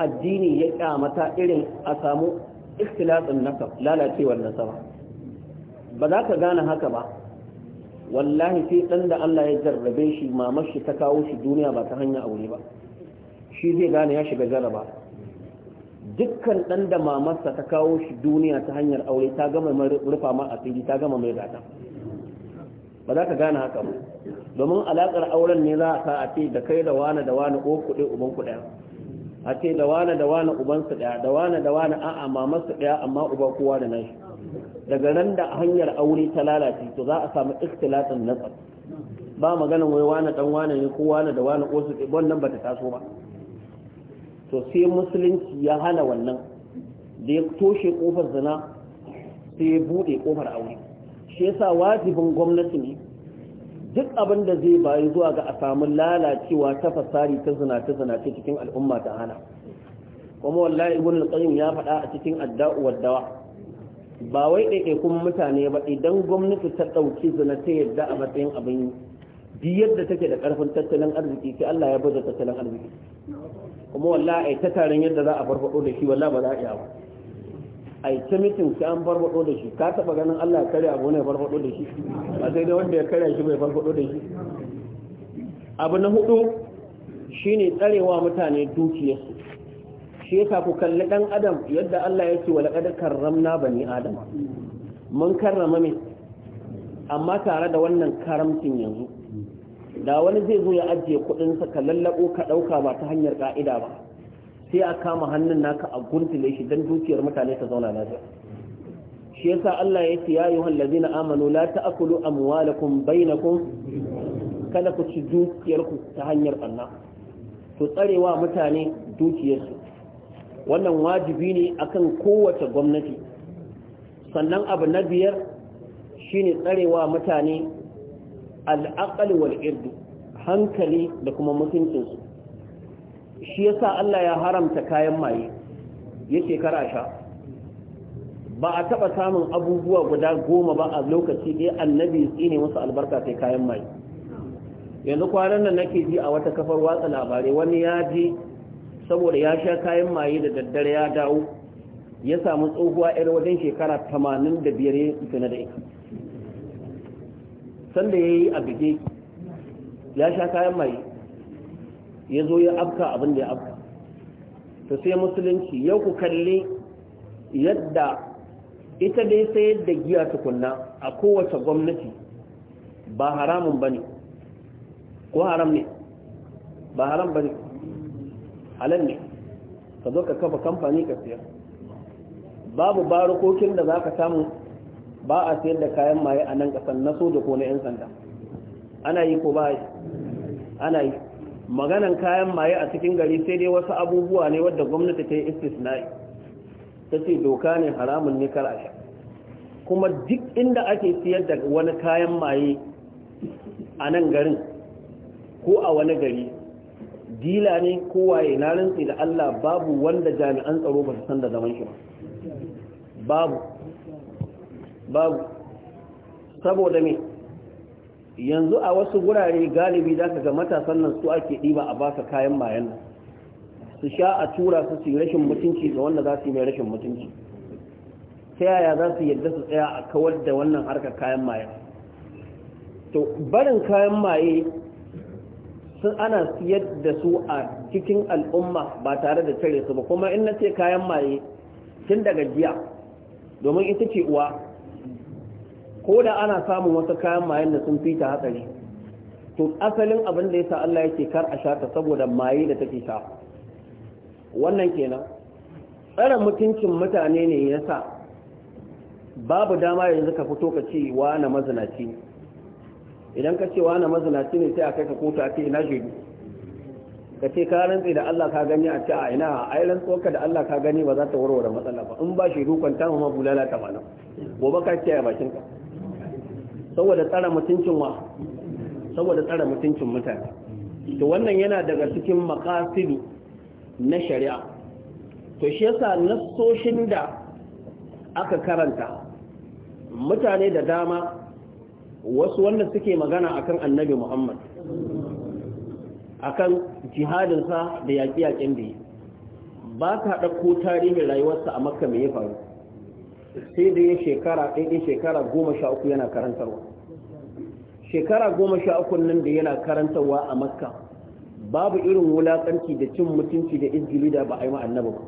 addini ya kyamata irin a samu ikhtilatsin nasab lalacewar nasaba ba za ka gane haka ba wallahi sai ɗan da Allah ya jarrabe shi mamar shi ta kawo shi duniya ba ta hanya aure ba shi zai gane ya shiga jaraba dukkan ɗan da mamarsa ta kawo shi duniya ta hanyar aure ta gama mai rufa ma a asiri ta gama mai gata ba za ka gane haka ba domin alaƙar auren ne za a sa a ce da kai da wani da wani o kuɗe uban ku ɗaya a ce da wani da wani ubansu ɗaya da wani da wani a'a mamarsa ɗaya amma uba kowa da nashi daga ran da hanyar aure ta lalace to za a samu ikhtilatin nasab ba magana wai wani dan wani ne ko wani da wani osu wannan ta taso ba to sai musulunci ya hana wannan da ya toshe kofar zina sai ya bude kofar aure shi yasa wajibin gwamnati ne duk abin da zai bayi zuwa ga a samu lalacewa ta fasari ta zina ta zina cikin al'umma ta hana kuma wallahi ibn al-qayyim ya faɗa a cikin adda'u wad dawa ba wai ɗaiɗaikun mutane ba idan gwamnati ta ɗauki zina ta yadda a matsayin abin yi yadda take da ƙarfin tattalin arziki sai Allah ya baza tattalin arziki kuma a yi ta tarin yadda za a farfaɗo da shi walla ba za a iya ba A yi ta mitin sai an farfaɗo da shi ka taɓa ganin Allah ya karya abu ne farfaɗo da shi ba sai dai wanda ya karya shi bai farfaɗo da shi abu na hudu shine tsarewa mutane dukiyarsu shi yasa ku kalli dan adam yadda Allah yake wa laqad karramna bani adam mun karrama mai amma tare da wannan karamcin yanzu da wani zai zo ya ajiye kudin sa ka lallabo ka dauka ba ta hanyar ka'ida ba sai a kama hannun naka a guntule shi dan dukiyar mutane ta zauna lafiya shi yasa Allah ya ce ya ayyuhal ladina amanu la ta'kulu amwalakum bainakum kada ku ci dukiyarku ta hanyar banna to tsarewa mutane dukiyarsu wannan wajibi ne akan kowace gwamnati sannan abu na biyar shine tsarewa mutane al'aqal wal hankali da kuma mutuncinsu shi yasa Allah ya haramta kayan maye yake karasha ba a taɓa samun abubuwa guda goma ba a lokaci ɗaya annabi tsine wasu albarka sai kayan maye yanzu kwanan nan nake ji a wata kafar watsa labarai wani ya je saboda ya sha kayan maye da daddare ya dawo ya samu tsohuwa yar wajen shekara 85 ya da ita sanda ya yi a bige ya sha kayan maye ya zo ya afka abin da ya afka Ta sai musulunci yau ku kalli yadda ita dai sayar da giya tukunna a kowace gwamnati ba haramun ba ne ko haram ne ba haram ba ne halal ne ka zo ka kafa kamfani ka siya babu barukokin da za ka samu ba a sayar da kayan maye a nan kasan na soja ko na 'yan sanda ana yi ko ba yi ana yi maganan kayan maye a cikin gari sai dai wasu abubuwa ne wadda gwamnati ta yi istisna'i ta ce doka ne haramun ne kar a sha kuma duk inda ake siyar da wani kayan maye a nan garin ko a wani gari dila ne kowaye na rantsi da Allah babu wanda jami'an tsaro ba su san da zaman shi ba babu babu saboda me yanzu a wasu gurare galibi za ka ga matasan nan su ake ɗiba a baka kayan mayan nan su sha a tura su su rashin mutunci ga wanda za su yi mai rashin mutunci ta yaya za su yadda su tsaya a kawar da wannan harkar kayan maye to barin kayan maye sun ana siyar da su a cikin al'umma ba tare da tare su ba kuma in na ce kayan maye tun daga jiya domin ita ce uwa ko da ana samun wasu kayan maye da sun fita hatsari to asalin abin da yasa Allah yake kar a sha ta saboda maye da take sha wannan kenan tsare mutuncin mutane ne yasa babu dama yanzu ka fito ka ce wa na mazinaci idan ka ce wani mazinaci ne sai a kai ka kotu a ce ina shaidu ka ce ka rantsi da Allah ka gani a ce a ina a ailan tsoka da Allah ka gani ba za ta warware matsala ba in ba shaidu ta ma bulala ta mana gobe ka ce a bakin ka saboda tsara mutuncin wa saboda tsara mutuncin mutane to wannan yana daga cikin makasidu na shari'a to shi yasa nassoshin da aka karanta mutane da dama wasu wanda suke magana akan annabi muhammad akan jihadinsa da yaƙi-yaƙin da yi ba ka ɗauko tarihin rayuwarsa a makka mai ya faru sai da ya shekara ɗaiɗin shekara goma sha uku yana karantarwa shekara goma sha uku nan da yana karantarwa a makka babu irin wulaƙanci da cin mutunci da izgili da ba a yi ma'annaba ba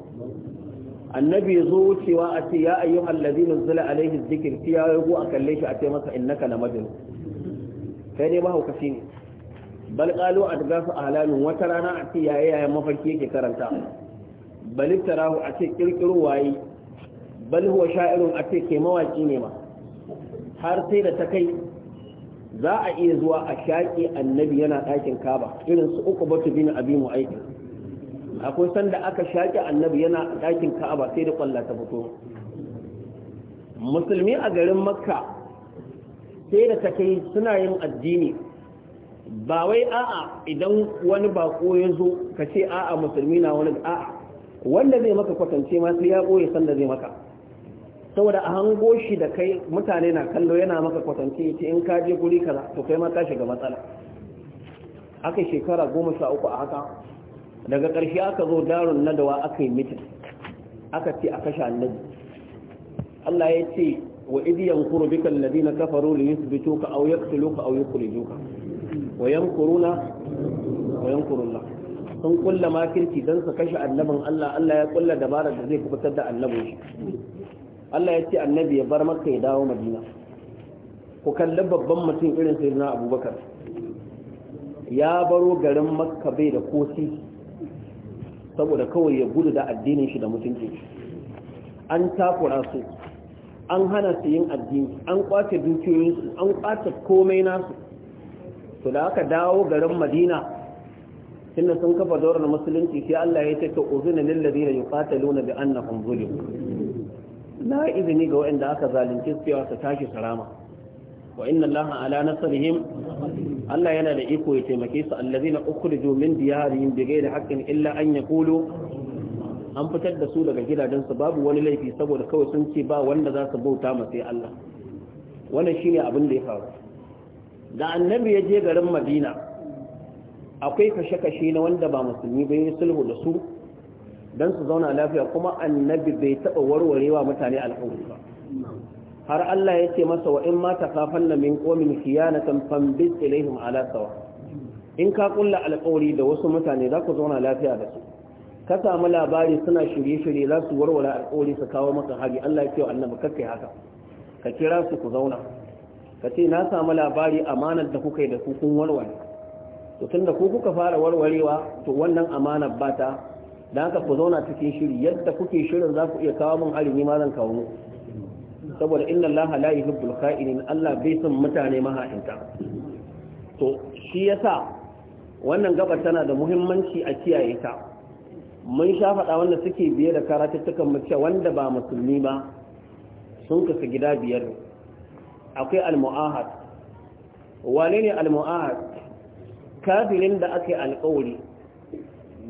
annabi ya zo wucewa a ce ya ayyu allazi nuzila alaihi dhikr fi ya yago a kalle shi a ce masa innaka la majnun kai ne mahaukaci ne bal qalu adgafu ahlalun wata rana a ce yaya yaya mafarki yake karanta bal tarahu a ce kirkiru waye bal huwa sha'irun a ce ke mawaki ne ma har sai da ta kai za a iya zuwa a shaƙi annabi yana ɗakin kaba irin su uku batu bin abi mu aikin akwai sanda aka shaƙi annabi yana ɗakin ka'aba sai da ƙwallo ta fito musulmi a garin makka sai da take suna yin addini ba wai a'a idan wani bako ya zo ka ce a'a musulmi na wani a'a wanda zai maka kwatance ma sai ya ɓoye sanda zai maka saboda a hango shi da kai mutane na kallo yana maka kwatance in ka je guri kaza to kai ma ka shiga matsala aka shekara goma sha uku a haka daga ƙarshe aka zo darun nadawa aka yi mitin aka ce a kashe annabi Allah ya ce wa idi yankuru bika alladhina kafaru li yuthbituka aw yaqtuluka aw yukhrijuka wa yankuruna wa yankuru yankurullah sun kulla makirci dan su kashe annabin Allah Allah ya kulla dabarar da zai kubutar da annabin shi Allah ya ce annabi ya bar makka ya dawo madina ku kalli babban mutum irin sayyidina abubakar ya baro garin makka bai da kosi saboda kawai ya gudu da addinin shi da mutunci an takura su an hana su yin addini an kwace dukiyoyinsu an kwace komai nasu to da aka dawo garin madina tunda sun kafa daurar musulunci sai Allah ya ce to uzuna lil ladina yuqataluna bi annahum zulimu na izini ga waɗanda aka zalunce su cewa su tashi sarama wa inna allaha ala nasrihim Allah yana da iko ya taimake su allazina ukhrijo min diyarihim bighairi haqqin illa an yaqulu an fitar da su daga gidajen su babu wani laifi saboda kawai sun ce ba wanda za su bauta ma sai Allah wannan shine abin da ya faru da annabi ya je garin Madina akwai kashe-kashe na wanda ba musulmi ba yi sulhu da su dan su zauna lafiya kuma annabi bai taba warwarewa mutane alƙawari ba har Allah ya ce masa wa mata ma takafanna min qawmin khiyanatan fambiz ilaihim alasawa. in ka kulla alƙawari da wasu mutane za ku zauna lafiya da su ka samu labari suna shirye-shirye za su warware alƙawari su kawo maka hari Allah ya ce wa annabi kakkai haka ka kira su ku zauna ka ce na samu labari amanar da kuka yi da ku kun warware to tunda ku kuka fara warwarewa to wannan amanar ba ta don haka ku zauna cikin shiri yadda kuke shirin za ku iya kawo min hari ni ma zan kawo muku saboda inna allaha la yuhibbul kha'inin Allah bai san mutane mahaɗinta to shi yasa wannan gaba tana da muhimmanci a kiyaye ta mun sha faɗa wanda suke biye da karatuttukan mu cewa wanda ba musulmi ba sun kasu gida biyar akwai al-mu'ahad wane ne al-mu'ahad kafirin da aka yi alƙawari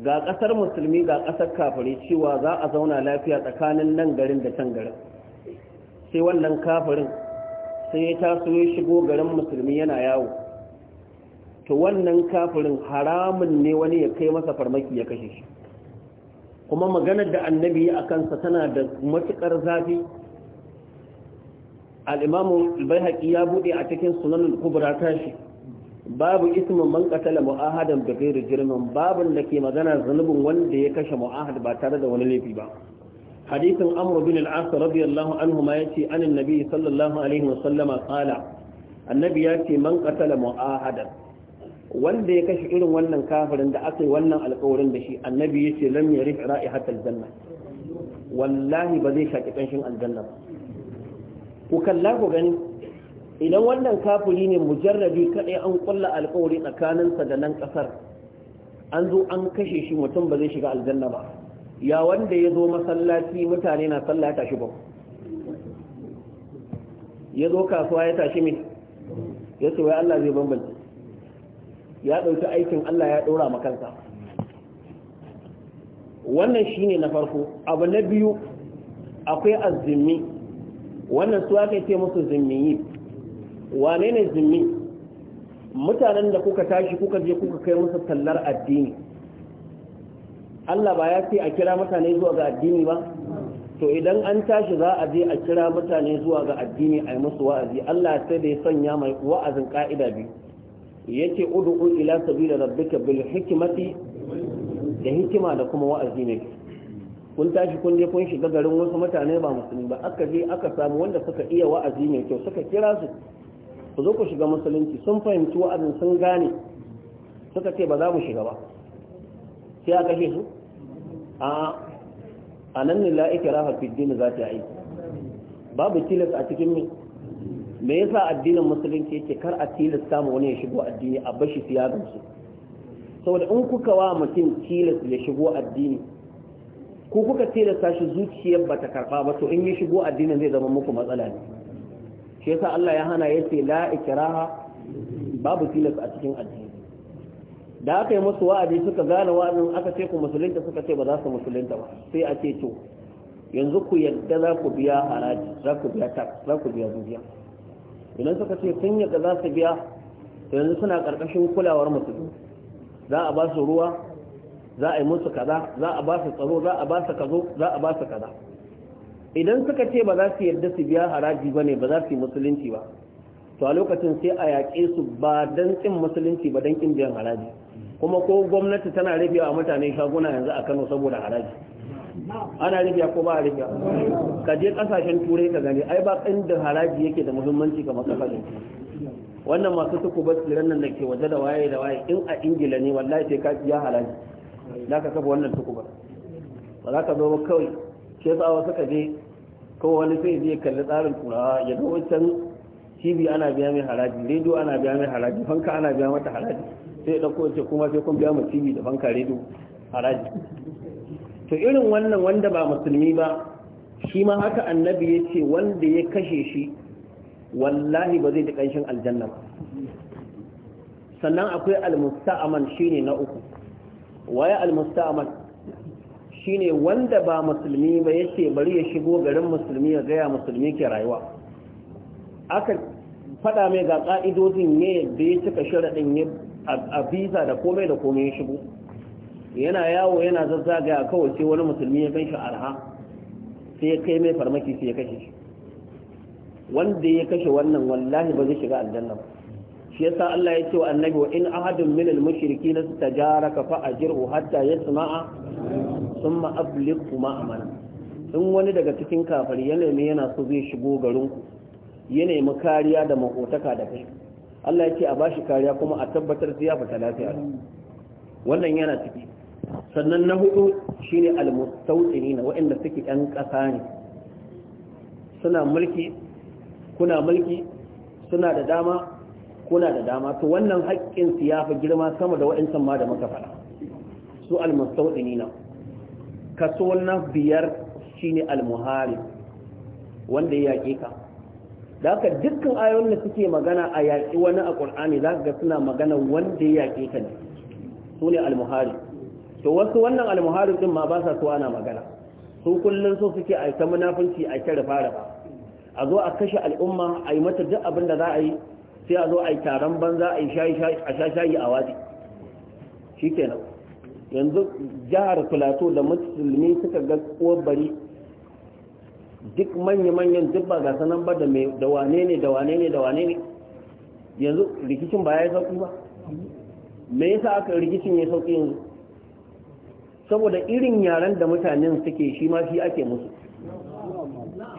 ga ƙasar musulmi ga ƙasar kafiri cewa za a zauna lafiya tsakanin nan garin da can garin sai wannan kafirin sai ya taso ya shigo garin musulmi yana yawo to wannan kafirin haramun ne wani ya kai masa farmaki ya kashe shi kuma maganar da annabi a kansa tana da matuƙar zafi al'imamu albayhaƙi ya buɗe a cikin sunan kubra tashi babu ismin man katala mu'ahadan da gairu girman babu da ke magana zunubin wanda ya kashe mu'ahad ba tare da wani laifi ba hadisin amr bin al radiyallahu anhu ma yace anan nabi sallallahu alaihi wa sallama qala annabi ya yace man qatala mu'ahadan wanda ya kashe irin wannan kafirin da aka yi wannan alƙawarin da shi annabi ya yace lam yarif ra'ihat al-janna wallahi ba zai shaƙi kanshin aljanna ba ku kalla ku gani idan wannan kafiri ne mujarrabi kadai an kulla alƙawari tsakaninsa da nan ƙasar, an zo an kashe shi mutum ba zai shiga aljanna ba ya wanda ya zo masallaci mutane na sallah ya tashi ba ya zo kasuwa ya tashi mai ya ce wai Allah zai bambanta ya ɗauki aikin Allah ya ɗora makansa wannan shi ne na farko abu na biyu akwai azumi wannan su aka ce musu yi wane ne zumi mutanen da kuka tashi kuka je kuka kai musu tallar addini Allah ba ya ce a kira mutane zuwa ga addini ba to idan an tashi za a je a kira mutane zuwa ga addini a yi musu wa'azi Allah sai da ya sanya mai wa'azin ka'ida biyu yake ud'u ila sabila rabbika bil hikimati da hikima da kuma wa'azi ne kun tashi kun je kun shiga garin wasu mutane ba musulmi ba aka je aka samu wanda suka iya wa'azi mai kyau suka kira su ku zo ku shiga musulunci sun fahimci wa'azin sun gane suka ce ba za mu shiga ba sai a kashe su a nan ne la'ika raha fiddin za ta yi. babu tilas a cikin mai me yasa addinin musulunci yake kar a tilasta mu wani ya shigo addini a bashi su saboda in kuka wa mutum tilas ya shigo addini ko kuka tilasta shi zuciyar ta karba ba to in ya shigo addinin zai zama muku matsala ne shi yasa Allah ya hana ya ce ikraha babu tilas a cikin addini da aka yi musu wa'adi suka gane wa'adin aka ce ku musulunta suka ce ba za su musulunta ba sai a ce to yanzu ku yadda za ku biya haraji za ku biya tax za ku biya dubiya idan suka ce tun yadda za su biya to yanzu suna karkashin kulawar musulun. za a ba su ruwa za a yi musu kaza za a ba su tsaro za a ba su kazo za a ba su kaza idan suka ce ba za su yadda su biya haraji ba ne ba za su yi musulunci ba to a lokacin sai a yaƙe su ba don ƙin musulunci ba don ƙin biyan haraji kuma ko gwamnati tana rufewa mutane shaguna yanzu a Kano saboda haraji ana rufe ko ba a rufiya ka je kasashen turai ka gani ai ba inda haraji yake da muhimmanci kamar kasashen wannan masu suku ba tsiran nan da ke waje da waye da waye in a ingila ne wallahi sai ka ya haraji za ka kafa wannan suku ba ba za ka zo ba kawai ke yasa wasu ka je kawai wani sai zai kalli tsarin turawa ya ga wancan tv ana biya mai haraji rediyo ana biya mai haraji fanka ana biya mata haraji sai da kowace kuma sai kun biya mu TV da banka redo haraji to irin wannan wanda ba musulmi ba shi ma haka annabi ya ce wanda ya kashe shi wallahi ba zai ji ƙanshin aljanna ba sannan akwai almusta'aman ne na uku waye almusta'aman ne wanda ba musulmi ba ya ce bari ya shigo garin musulmi ya gaya musulmi ke rayuwa aka fada mai ga ka'idodin ne da ya cika sharaɗin ya a visa da komai da komai ya shigo yana yawo yana zazzagaya kawai sai wani musulmi ya ganshi shi arha sai ya kai mai farmaki sai ya kashe shi wanda ya kashe wannan wallahi ba zai shiga aljanna ba shi yasa Allah ya ce wa annabi wa in ahadun min al mushriki na tajaraka fa ajiru hatta yasma'a thumma ablighu ma amana in wani daga cikin kafari yana ne yana so zai shigo garin ku ya nemi kariya da makotaka da kai Allah ya ce a bashi kariya kuma a tabbatar sai ya lafiya wannan yana ciki sannan na hudu shine almustawtini na waɗanda suke ƴan ƙasa ne suna mulki kuna mulki suna da dama kuna da dama to wannan haƙƙin su ya fi girma sama da waɗancan ma da muka faɗa su almustawtini na kaso wannan biyar shine almuharib wanda ya yaƙe ka da haka dukkan ayoyin da suke magana a yaƙi wani a ƙur'ani za ga suna magana wanda ya yaƙe ka ne su ne almuhari to wasu wannan almuhari din ma ba sa so ana magana su kullum so suke a ta munafunci a ta rufa rufa a zo a kashe al'umma a yi mata duk abin da za a yi sai a zo a yi taron banza a yi sha shayi a waje shikenan yanzu jihar filato da musulmi suka ga uwar bari duk manya-manyan duk ga sanan nan ba da wane ne da wane ne da wane ne yanzu rikicin ba ya yi sauƙi ba me yasa aka rikicin ya sauƙi yanzu saboda irin yaren da mutanen suke shi ma shi ake musu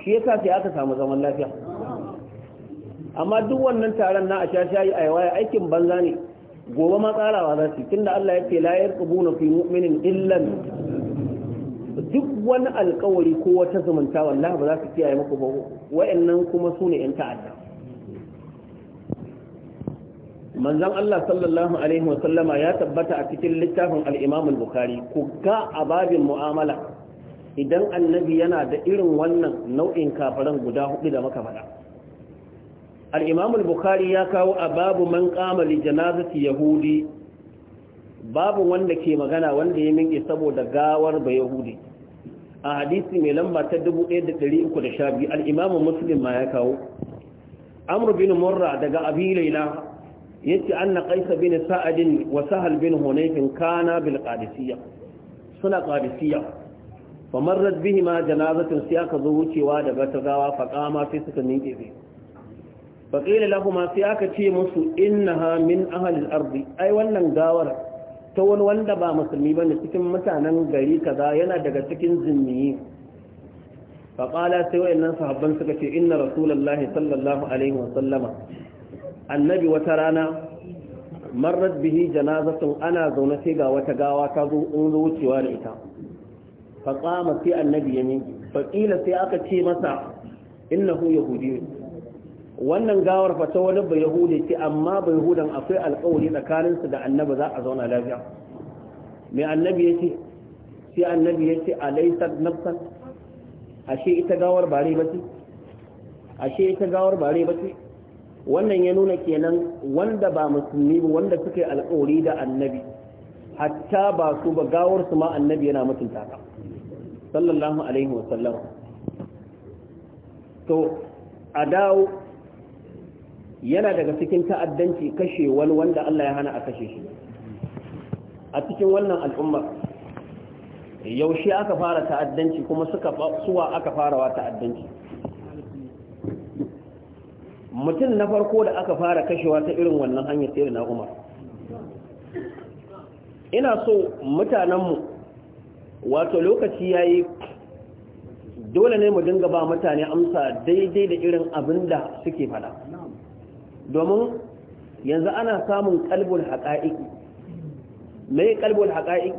shi ya sai aka samu zaman lafiya amma duk wannan taron na a sha a yawa aikin banza ne gobe ma za su tunda Allah ya ce la yarqubuna fi mu'minin illan duk wani alkawari ko wata zumunta wallahi ba za su kiyaye muku ba wa'annan kuma su ne 'yan ta'adda manzon Allah sallallahu alaihi wa ya tabbata a cikin littafin al-Imam al-Bukhari ku ga ababin mu'amala idan annabi yana da irin wannan nau'in kafaran guda hudu da muka faɗa al-Imam al-Bukhari ya kawo ababu man qama li janazati yahudi babu wanda ke magana wanda ya minke saboda gawar ba yahudi a hadisi mai lamba ta 1312 al'imamu muslim ma ya kawo amru bin murra daga abi laila yace anna qais bin sa'adin wasu halbin honaifin kana bil qadisiyya suna qadisiyya famarrat ma janazatun sai aka zo wucewa da batagawa faqama sai suka ninke sai faqila ma sai aka ce musu ha min ahalin arzi ai wannan gawar ta wani wanda ba musulmi ba ne cikin mutanen gari kaza yana daga cikin zimmiyi faƙala sai wayannan sahabban suka ce inna rasulullahi sallallahu alaihi wa sallama annabi wata rana marar bihi janazatun ana zaune sai ga wata gawa ta zo in zo wucewa da ita faƙama sai annabi ya miƙe faƙila sai aka ce masa innahu yahudi wannan gawar fata wani bai yahudi ce amma bai yahudan akwai alkawari tsakaninsu da annabi za a zauna lafiya mai annabi ya ce sai annabi ya ce a laisar nafsan ashe ita gawar bare ba ce ashe ita gawar bare ba ce wannan ya nuna kenan wanda ba musulmi ba wanda suka yi alkawari da annabi hatta ba su ba gawar su ma annabi yana mutunta ka? sallallahu alaihi wasallam to a dawo yana daga cikin ta'addanci kashe wani wanda Allah ya hana a kashe shi a cikin wannan al'ummar yaushe aka fara ta'addanci kuma suka suwa aka farawa ta'addanci mutum na farko da aka fara kashewa ta irin wannan hanyar tsere na umar ina so mutanenmu wato lokaci ya yi dole ne mu dinga ba mutane amsa daidai da irin abin da suke fada domin yanzu ana samun kalbul haƙa'iƙi mai kalbul haƙa'iƙi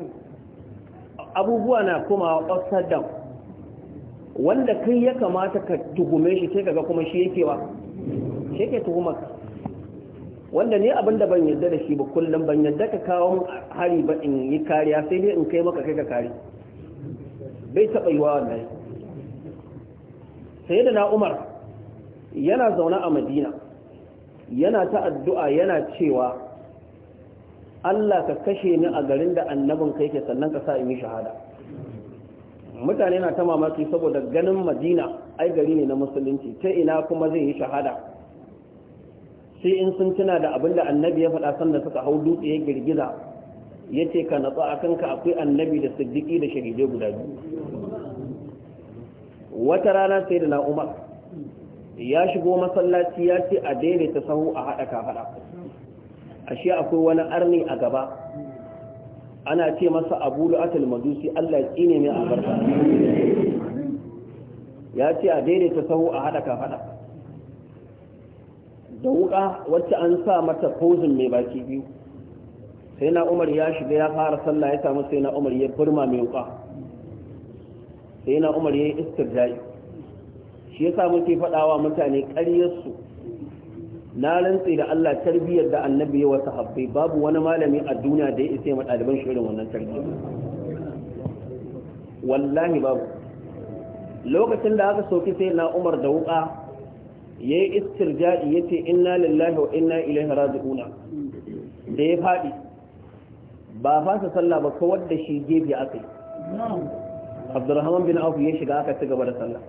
abubuwa na kuma ƙasar dam. wanda kai ya kamata ka tuhume shi sai kaga kuma shi yake wa shi yake tuhumar wanda ne abin da ban yarda da shi ba kullum ban yarda ka kawo hari ba in yi kariya sai dai in kai maka kai ka kare bai taɓa yi wa wannan sai da na umar yana zaune a madina yana ta addu'a yana cewa Allah ka kashe ni a garin da annabin kai ke sannan ka sa in yi shahada mutane na ta mamaki saboda ganin madina ai gari ne na musulunci ta ina kuma zai yi shahada sai in sun tuna da abinda annabi ya faɗa sanda suka hau dutse ya girgiza ya ce ka natsa a kanka akwai annabi da siddiƙi da shahidai guda biyu wata rana sai da na'umar. ya shigo masallaci ya ce a daidaita sahu a haɗa kafaɗa ashe akwai wani arni a gaba ana ce masa abu lu'atul majusi Allah ya tsine mai albarka ya ce a daidaita sahu a haɗa kafaɗa da wuƙa wacce an sa mata kozin mai baki biyu sai na umar ya shiga ya fara sallah ya samu sai na umar ya burma mai wuƙa sai na umar ya yi istirjai shi yasa muke faɗawa mutane ƙaryarsu na rantse da Allah tarbiyyar da annabi ya wasu habbai babu wani malami a duniya da ya isa ma ɗaliban shirin wannan tarbiyyar wallahi babu lokacin da aka soki sai na umar da wuƙa ya yi istirja'i ya ce inna lillahi wa inna ilaihi raji'una da ya faɗi ba fasa sallah ba kawar da shi gefe aka yi abdurrahman bin auf ya shiga aka ci gaba da sallah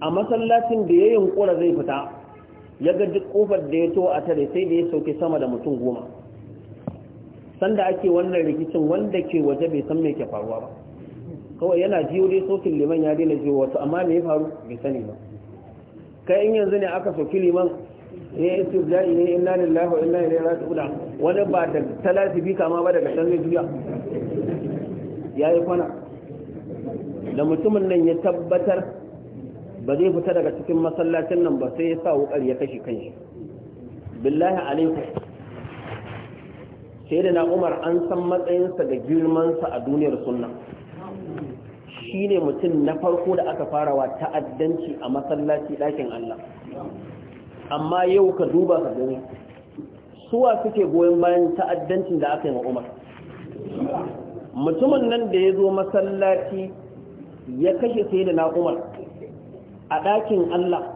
a masallacin da ya yunkura zai fita ya ga duk kofar da ya to a tare sai da ya sauke sama da mutum goma sanda ake wannan rikicin wanda ke waje bai san me ke faruwa ba kawai yana jiyo dai sokin liman ya daina jiyo wasu amma mai faru bai sani ba kai in yanzu ne aka sauki liman eh, ya yi su ja'i ne eh, inna lillahi wa inna ilaihi raji'un wani ba da talati bi kama ba daga san zai juya yayi kwana da mutumin nan ya tabbatar ba zai fita daga cikin masallacin nan ba sai ya sa wukar ya kashe kanshi billahi alaikum sai da na umar an san matsayinsa da girmansa a duniyar sunna shi ne mutum na farko da aka farawa ta'addanci a masallaci ɗakin Allah amma yau ka duba ka gani suwa suke goyon bayan ta'addancin da aka yi wa umar mutumin nan da ya zo masallaci ya kashe sai da na'umar a ɗakin Allah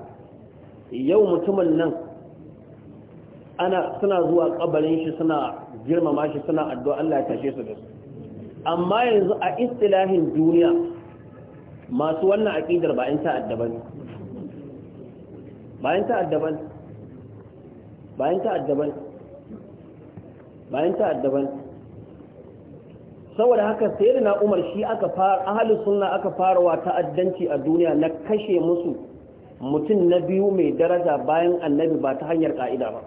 yau mutumin nan ana suna zuwa ƙabarin shi suna girmama shi suna addu'a Allah ya tashe su da su amma yanzu a istilahin duniya masu wannan aƙidar ba 'yan ta'adda ba ne ba ta'adda ba ne ba ta'adda ba ne saboda haka sai na umar shi aka fara ahalin sunna aka fara wa ta'addanci a duniya na kashe musu mutum na biyu mai daraja bayan annabi ba ta hanyar ka'ida ba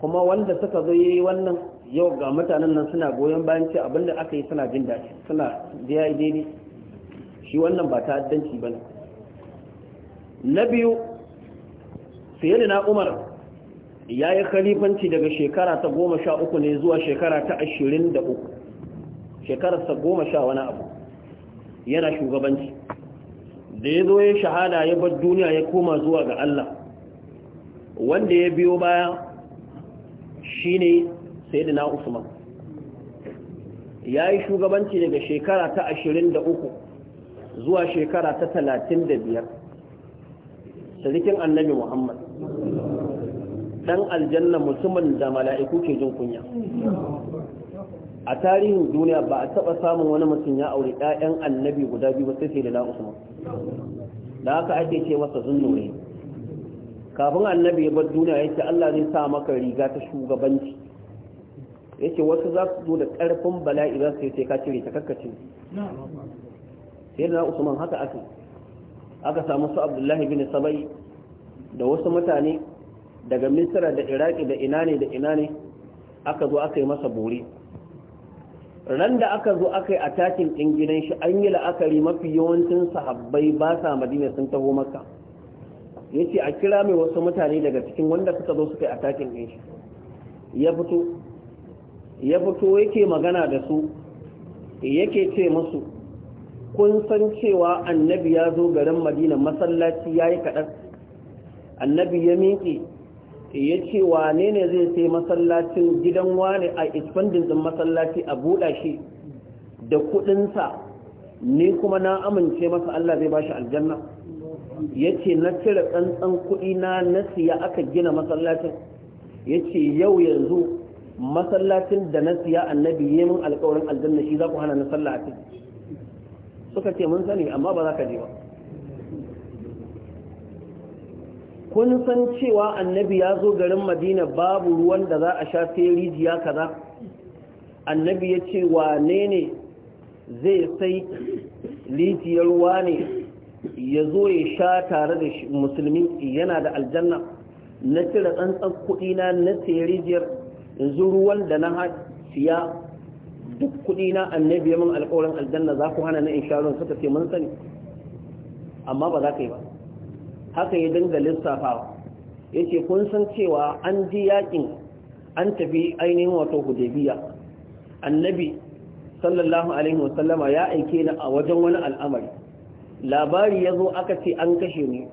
kuma wanda suka zo yi wannan yau ga mutanen nan suna goyon bayan ce abinda aka yi suna jin daɗi suna jiya daidai shi wannan ba ta'addanci ba ne na biyu sai na umar ya yi khalifanci daga shekara ta goma sha uku ne zuwa shekara ta ashirin da uku shekararsa goma sha wani abu yana shugabanci da ya zo ya shahada ya bar duniya ya koma zuwa ga Allah wanda ya biyo baya shine sayyidina Usman yi shugabanci daga shekara ta 23 zuwa shekara ta talatin da biyar. sadikin annabi Muhammad dan aljanna mutumin da mala'iku ke jin kunya a tarihin duniya ba a taɓa samun wani mutum ya aure ɗayan annabi guda biyu ba sai sai da na usman da haka ake ce masa zunnure kafin annabi ya bar duniya ya ce allah zai sa maka riga ta shugabanci ya ce wasu za su zo da ƙarfin bala'i za su yi sai ka cire ta sai da na usman haka aka aka samu su abdullahi bin sabai da wasu mutane daga misira da iraki da ina ne da ina ne aka zo aka yi masa bore ran da aka zo aka yi a takin ɗin gidan shi an yi la'akari mafi yawancin sahabbai ba sa madina sun taho maka ya ce a kira mai wasu mutane daga cikin wanda suka zo suka yi a takin ɗin shi ya fito ya fito yake magana da su yake ce masu? kun san cewa annabi ya zo garin madina masallaci ya yi kaɗan annabi ya miƙe ya ce wane ne zai sai masallacin gidan wane a expanding din masallaci a buɗa shi da kuɗinsa ni kuma na amince masa Allah zai bashi aljanna ya ce na cire tsantsan kuɗi na na siya aka gina masallacin ya ce yau yanzu masallacin da na siya annabi yi min alkawarin aljanna shi za ku hana na sallah a suka ce mun sani amma ba za ka je ba kun san cewa annabi ya zo garin madina babu ruwan da za a sha sai rijiya kaza annabi ya ce wane ne zai sai rijiyar ne ya zo ya sha tare da musulmi yana da aljanna na cire tsantsan kudina na sai rijiyar yanzu ruwan da na siya duk kudina annabi ya min alƙawarin aljanna za ku hana na in sha suka ce mun sani amma ba za ka yi ba haka ya dinga lissafawa yace kun san cewa an ji yakin an tafi ainihin wato hudaybiya annabi sallallahu alaihi wasallama ya aike ni a wajen wani al'amari labari ya zo aka ce an kashe ni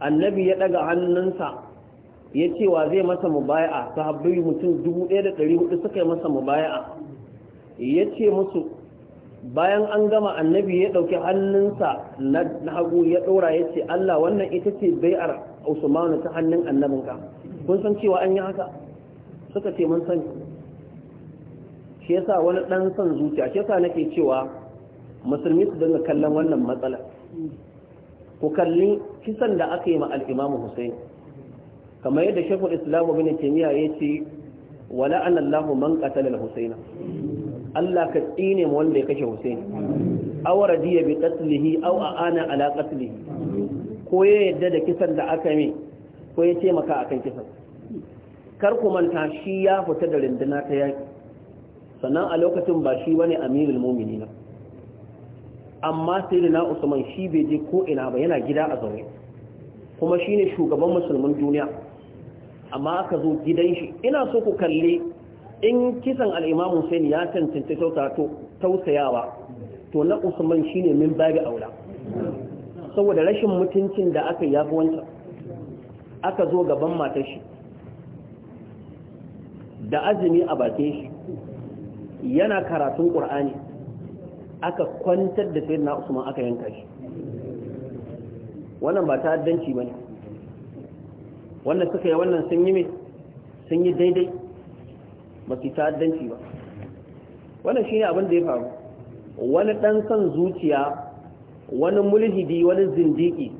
annabi ya daga hannunsa ya ce wa zai masa mubaya'a sahabbai mutum 1400 suka yi masa mubaya'a ya ce musu bayan an gama annabi ya ɗauki hannunsa na hagu ya ɗora ya ce Allah wannan ita ce bai'ar Usmanu ta hannun annabinka kun san cewa an yi haka suka ce mun sani shi yasa wani dan son zuciya shi yasa nake cewa musulmi su dinga kallon wannan matsala ku kalli kisan da aka yi ma al-Imam Hussein kamar yadda Sheikhul Islam Ibn Taymiyyah yace wala anallahu man qatala al-Husaina Allah ka tsine mu wanda ya kashe Hussein aw radiya bi qatlihi aw aana ala qatlihi ko ya yadda da kisan da aka yi ko ya ce maka akan kisan kar ku manta shi ya fita da rinduna ta yaki sannan a lokacin ba shi bane amirul mu'minin amma sayyidina Usman shi bai je ko ina ba yana gida a zaune kuma shine shugaban musulmin duniya amma aka zo gidan shi ina so ku kalle in kisan al'imam Hussein ya cancanci tausayawa to na Usman shine min babi aula saboda rashin mutuncin da aka yafi wancan aka zo gaban matar shi da azumi a bakin shi yana karatun ƙur'ani aka kwantar da na Usman aka yanka shi wannan ba ta ba ne. wannan suka yi wannan sun yi sun yi daidai ba su ta'addanci ba wannan ne abin da ya faru wani ɗan son zuciya wani mulhidi wani zindiki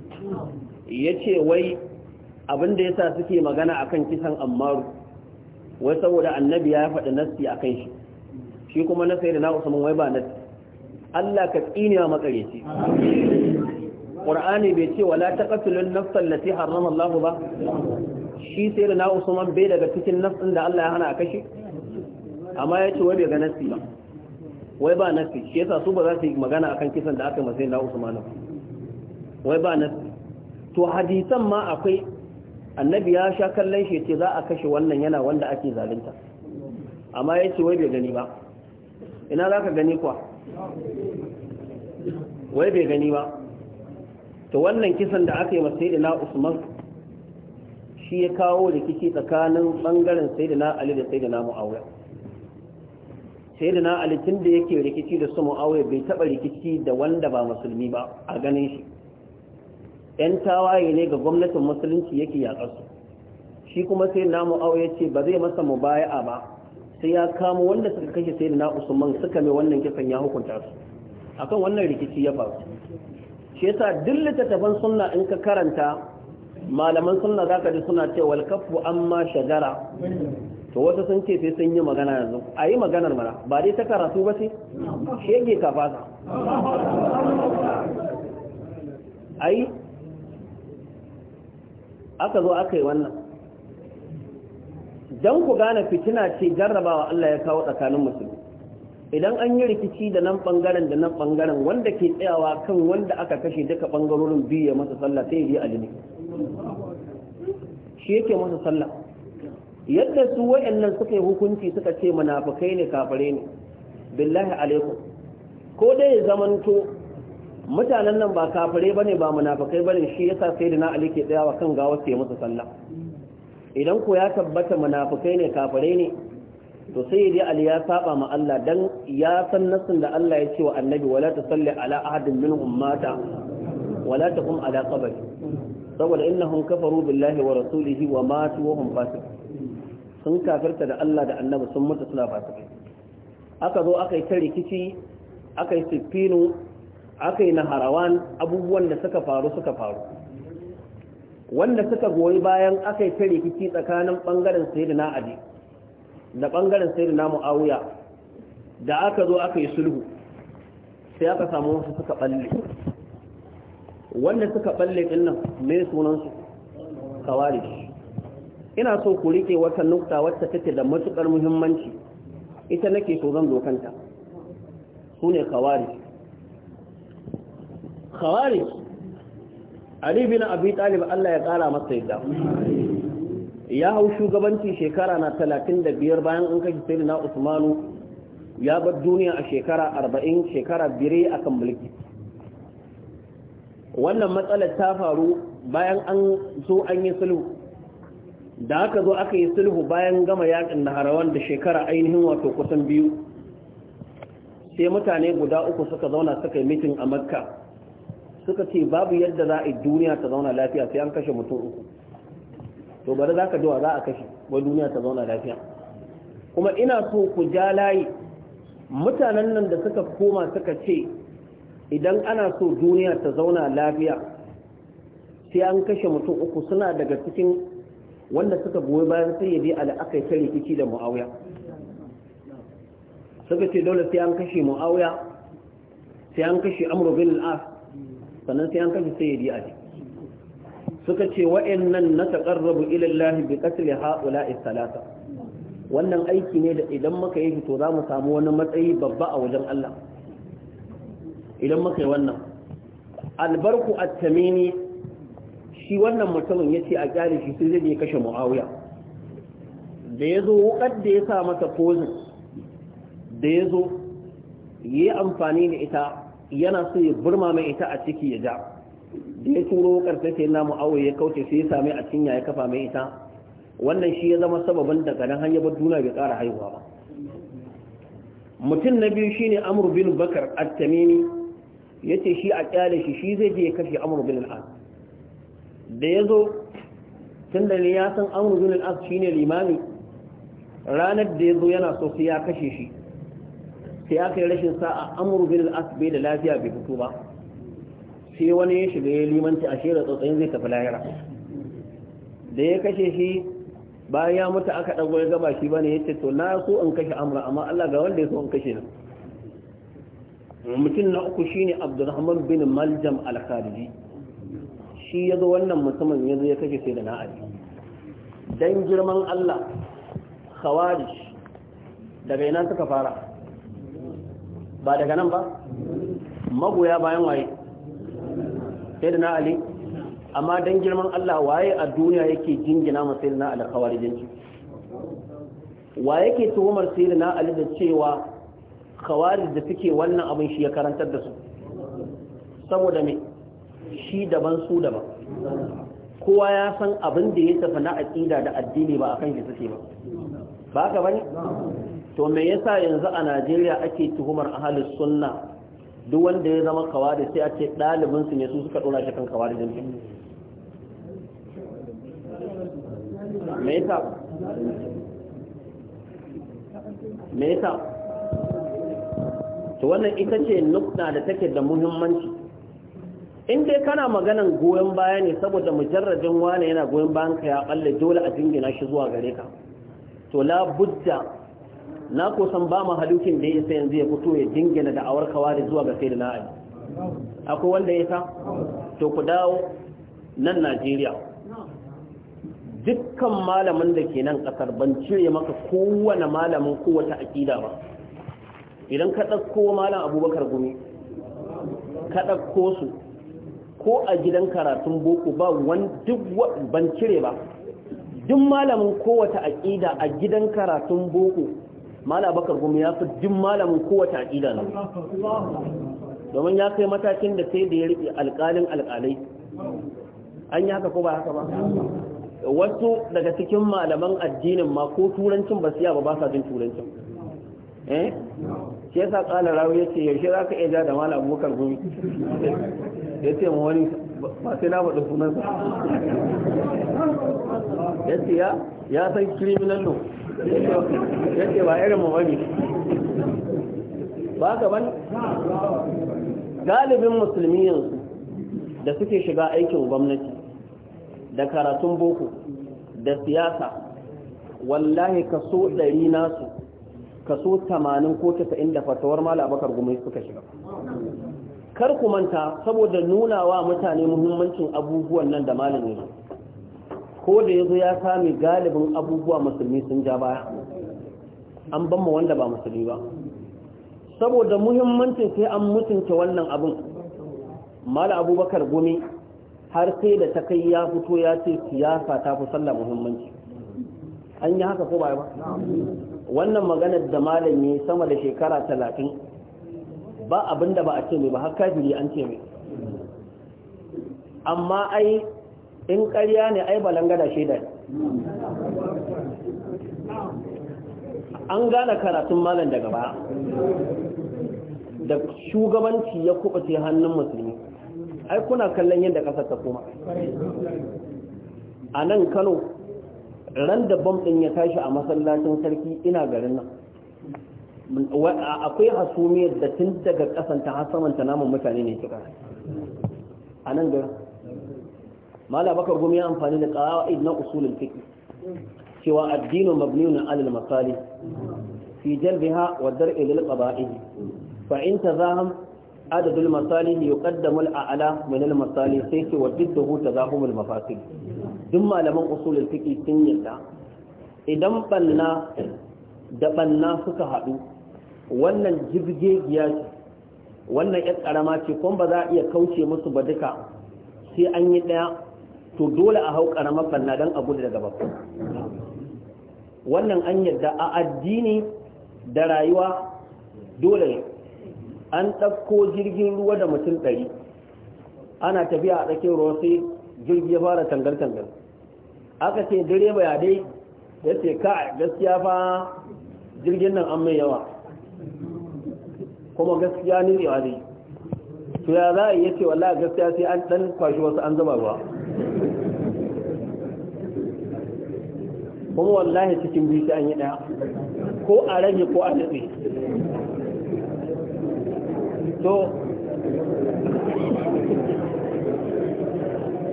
ya ce wai abin da ya sa suke magana a kan kisan ammaru wai saboda annabi ya faɗi nassi kan shi shi kuma na sai da na usman wai ba nassi Allah ka tsinewa makareci Qur'ani bai ce wa wala taqtulun nafsan lati harrama Allah ba shi sai da na usman bai daga cikin nafsin da Allah ya hana a kashe amma ya ce wai bai ga nasi ba wai ba nasi shi yasa su ba za su yi magana akan kisan da aka masai na usmanu wai ba nasi to hadisan ma akwai annabi ya sha kallon shi ce za a kashe wannan yana wanda ake zalunta amma ya ce wai bai gani ba ina za ka gani kuwa wai bai gani ba to wannan kisan da aka yi masai da na usman shi ya kawo rikici tsakanin bangaren sai da na ali da sai da na mu'awiyar sai da na alitin da yake rikici da su mu'awai bai taɓa rikici da wanda ba musulmi ba a ganin shi ‘yan tawaye ne ga gwamnatin musulunci yake yaƙarsu shi kuma sai na mu'awai ya ce ba zai masa mubaya'a ba sai ya kamo wanda suka kashe sai da na usman suka mai wannan kisan ya hukunta su akan wannan rikici ya faru shi yasa duk littattafan sunna in ka karanta malaman sunna zaka ji suna cewa amma shajara to wasu sun ce sai sun yi magana yanzu a yi maganar mana ba dai ta karatu ba ce shege ka fasa a yi aka zo aka yi wannan don ku gane fitina ce jarrabawa Allah ya kawo tsakanin musulmi idan an yi rikici da nan bangaren da nan bangaren wanda ke tsayawa kan wanda aka kashe duka bangarorin biyu ya masa sallah sai ya je alini shi yake masa sallah yadda su wa'annan suka yi hukunci suka ce munafikai ne kafare ne billahi alaikum ko dai ya zamanto mutanen nan ba kafare bane ba munafikai bane shi yasa sai da na ali ke tsayawa kan gawa ke musu sallah idan ko ya tabbata munafikai ne kafare ne to sai ali ya saba ma Allah dan ya san nasin da Allah ya ce wa annabi wala tusalli ala ahadin min ummata wala taqum ala qabri saboda innahum kafaru billahi wa rasulihi wa matu wa hum fasiqun sun kafirta da Allah da annabi sun mutu suna fasikai aka zo aka yi ta rikici aka yi siffinu aka yi naharawan abubuwan da suka faru suka faru wanda suka goyi bayan aka yi ta rikici tsakanin ɓangaren sayyidina ali da ɓangaren sayyidina mu'awiya da aka zo aka yi sulhu sai aka samu wasu suka balle wanda suka balle ɗin nan mai sunansu kawarish ina so ku rike wata nukta wacce take da matukar muhimmanci ita nake so zan dokanta su ne khawari khawari ali bin abi talib Allah ya kara masa yadda ya hau shugabanci shekara na 35 bayan an kashe na usmanu ya bar duniya a shekara 40 shekara bire akan mulki wannan matsalar ta faru bayan an zo an yi sulhu da aka zo aka yi sulhu bayan gama yakin da harawan da shekara ainihin wato kusan biyu sai mutane guda uku suka zauna suka yi mitin a makka suka ce babu yadda za a yi duniya ta zauna lafiya sai an kashe mutum uku to bari za ka jiwa za a kashe wai duniya ta zauna lafiya kuma ina so ku ja layi mutanen nan da suka koma suka ce idan ana so duniya ta zauna lafiya sai an kashe mutum uku suna daga cikin wanda suka goyi bayan sai ya je ala aka ta rikici da muawiya suka ce dole sai an kashe muawiya sai an kashe amru bin al sannan sai an kashe sayyidi ali suka ce wa'in nan na taqarrabu ila Allah bi qatl ha'ula'i thalatha wannan aiki ne da idan muka yi to za mu samu wani matsayi babba a wajen Allah idan muka yi wannan albarku at-tamimi shi wannan mutumin ya ce a kyale shi sai zai kashe mu'awiya da ya zo wukar da ya sa masa pozin da ya zo ya yi amfani da ita yana so ya burma mai ita a ciki ya ja da ya turo wukar sai sai namu awo ya kauce sai ya sami a cinya ya kafa mai ita wannan shi ya zama sababin daga nan hanya bar duniya bai kara haihuwa ba mutum na biyu shine amr bin bakar at-tamimi yace shi a kyale shi shi zai je ya kashe amr bin al da ya zo tun da ne ya san amur zunin as shi ne limami ranar da ya zo yana so sai ya kashe shi sai aka yi rashin sa'a amur zunin as bai da lafiya bai fito ba sai wani ya shiga ya limanci a shirar tsotsayin zai tafi lahira da ya kashe shi bayan ya mutu aka ɗago ya gaba shi bane ya ce to na so in kashe amra amma Allah ga wanda ya so in kashe nan mutum na uku shine Abdulrahman bin Maljam al khadiji shi ya zo wannan mutumin ya zai kake kashe sai da na'adi don girman Allah khawarij daga yana suka fara ba daga nan ba magoya bayan waye sai da na'ali amma don girman Allah waye a duniya yake jingina ma sai da na'ali khawarijinci wa yake tuhumar sai da na'ali da cewa khawarij da suke wannan abin shi ya karantar da su saboda me shi daban su daban kowa ya san abin da ya tafi na aƙida da addini ba a kan shi suke ba ba ka bane to me yasa yanzu a Najeriya ake tuhumar ahlus sunna duk wanda ya zama kawari sai a ce ɗalibin su ne su suka dora shi kan kawari din me yasa me yasa to wannan ita ce nukta da take da muhimmanci in dai kana maganan goyon baya ne saboda mujarrajin wane yana goyon bayan ka ya balla dole a jingina shi zuwa gare ka to la budda na kusan ba mu halukin da ya isa yanzu ya fito ya jingina da awar kawari zuwa ga sai da na ali akwai wanda ya sa to ku dawo nan Najeriya dukkan malamin da ke nan kasar ban cire maka kowane malamin kowace akida ba idan ka ɗauko malam abubakar gumi ka ɗauko su ko a gidan karatun boko ba wani duk ban cire ba duk malamin kowace aƙida a gidan karatun boko mala bakar gumi ya fi duk malamin kowace aƙida na domin ya kai matakin da sai da ya riƙe alƙalin alƙalai an yi haka ko ba haka ba wasu daga cikin malaman addinin ma ko turancin ba siya ba ba sa jin turancin eh shi yasa ƙala rawu ce yaushe za ka iya ja da malam bakar gumi ya ce ma wani ba sai na faɗin sunansa ya ce ya san criminal law ya ce ba irin ma wani ba ka galibin musulmi yanzu da suke shiga aikin gwamnati da karatun boko da siyasa wallahi kaso ɗari nasu kaso tamanin ko 90 fatawar mala abakar gumai suka shiga kar ku manta saboda nuna wa mutane muhimmancin abubuwan nan da malami ko da yazo ya sami galibin abubuwa musulmi sun ja baya an ban mu wanda ba musulmi ba saboda muhimmancin sai an mutunta wannan abin mala abubakar gumi har sai da ta kai ya fito ya ce siyasa ta fi sallah muhimmanci an yi haka ko ba ba wannan maganar da malami sama da shekara talatin ba da ba a ce mai ba haka jiri an ce mai amma ai in ƙarya ne ai ba balangada shaidar. an gane karatun malam daga ba da shugabanci ya ce hannun musulmi ai kuna kallon yadda ƙasar ta koma a nan kano ran da bam ɗin ya tashi a masallacin sarki ina garin nan akwai hasumiyar da tun daga kasanta har samanta namun mutane ne suka a nan ga mala bakar gumi ya amfani da qawaid na usulul fiqh cewa addinin mabniun ala al-masali fi jalbiha wa dar'i lil qaba'id fa in tazaham adad al-masali yuqaddamu al-a'la min al-masali sai ce wa diddahu tazahum al-mafasid duk malaman usulul fiqh sun yadda idan banna da banna suka haɗu wannan jirgegiya ce wannan 'yar ƙarama ce kuma ba za a iya kauce musu ba duka sai an yi ɗaya to dole a hau ƙaramar fanna don a gudu daga babba wannan an yadda a addini da rayuwa dole an ɗauko jirgin ruwa da mutum ɗari ana tafiya a tsakiyar ruwa sai jirgi ya fara tangar-tangar aka ce direba ya dai ya ce ka gaskiya fa jirgin nan an mai yawa kuma gaskiya ne ne wani to ya za a yi yace wallahi gaskiya sai an dan kwashi wasu an zama ruwa kuma wallahi cikin bishi an yi daya ko a rage ko a daɗe to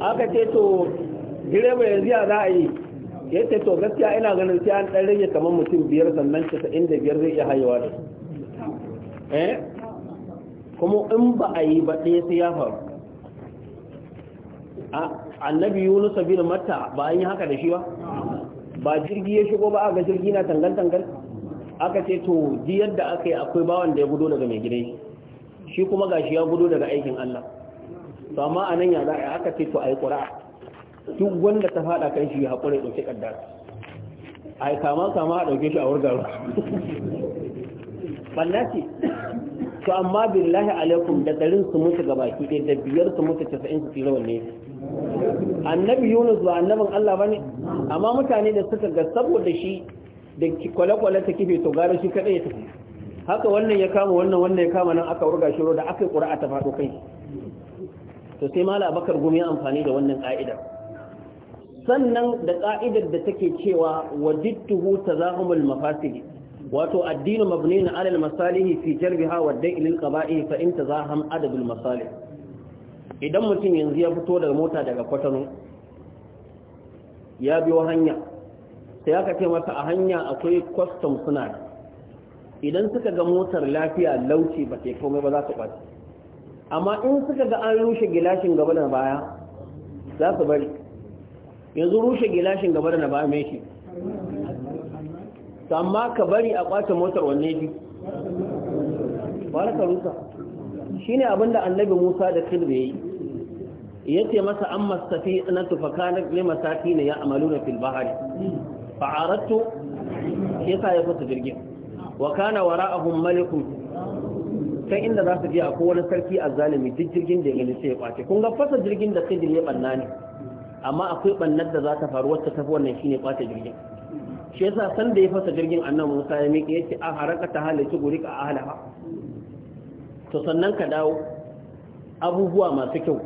aka ce to direba yanzu ya za a yi ya ce to gaskiya ina ganin sai an dan rage kamar mutum biyar sannan casa'in inda biyar zai iya haihuwa da eh kuma in ba a yi ba ɗaya sai ya faru A annabi yunus bin matta ba an yi haka da shi ba ba jirgi ya shigo ba ga jirgi na tangal-tangal aka ce to ji yadda aka yi akwai bawan da ya gudo daga mai gidan shi kuma gashi ya gudo daga aikin Allah to amma a nan ya za a aka ce to ayi yi duk wanda ta fada kan shi haƙura ya ɗauki ƙaddara a yi kama kama a ɗauke shi a wurgaru ɓanna ce to amma billahi alaikum da ɗarin su mutu gaba ki ɗaya da biyar su mutu casa'in su tsira wanne annabi yunus ba annabin allah ba ne amma mutane da suka ga saboda shi da kwale-kwale ta kife to gara shi kaɗai ya tafi haka wannan ya kama wannan wannan ya kama nan aka wurga shi da aka yi ƙura'a ta faɗo kai to sai mala bakar gumi amfani da wannan ƙa'idar sannan da ka'idar da take cewa wajidtuhu tazahumul mafasid wato addinu mabnin ala almasalihi fi jalbiha wa da'il al fa in tazaham adabul masalih idan mutum yanzu ya fito daga mota daga kwatano ya biyo hanya sai aka ce masa a hanya akwai custom suna idan suka ga motar lafiya lauci ba sai komai ba za su ɓaci amma in suka ga an rushe gilashin gaba da baya za su bari yanzu rushe gilashin gaba da na ba mai shi amma ka bari a kwace motar wanne shi baraka rusa ne abinda annabi Musa da yi. Ya ce masa An Mastafi na lima sati ne ya amaluna fil bahri Ba a ratu ya fata jirgin wa kana wara'ahum malikun sai inda za su je a wani sarki azzalimi duk jirgin da ya gani sai ya kwace kun ga fasa jirgin da Khidir ya ɓanna ne amma akwai bannar da za ta faru wacce tafi wannan shine fata jirgin shi yasa san da ya fasa jirgin annabi Musa ya miƙe yace a ah, haraka ta halaci guri ka ahlaha to sannan ka dawo abubuwa masu kyau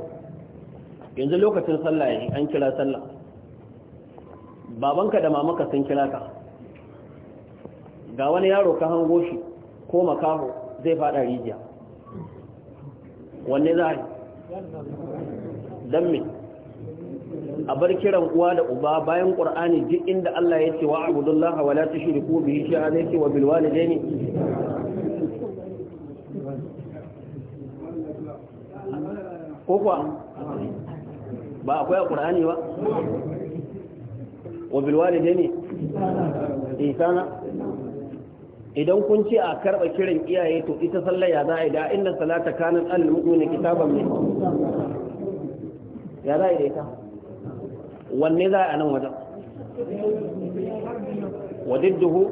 yanzu lokacin sallah yayi an kira sallah babanka da mamanka sun kira ka ga wani yaro ka hango shi ko makaho zai fada rijiya wanne za a yi don me a bar kiran uwa da uba bayan qur'ani duk inda Allah ya ce wa abudullah wa la tushriku bihi shay'an yake wa bil walidaini ko kuwa ba akwai a qur'ani ba wa bil walidaini isana? idan kun ce a karɓa kiran iyaye to ita sallar ya za a yi da inda salata kanin al-mu'mina kitaban ne ya za a yi da ita wanne za a nan wajen wadidduhu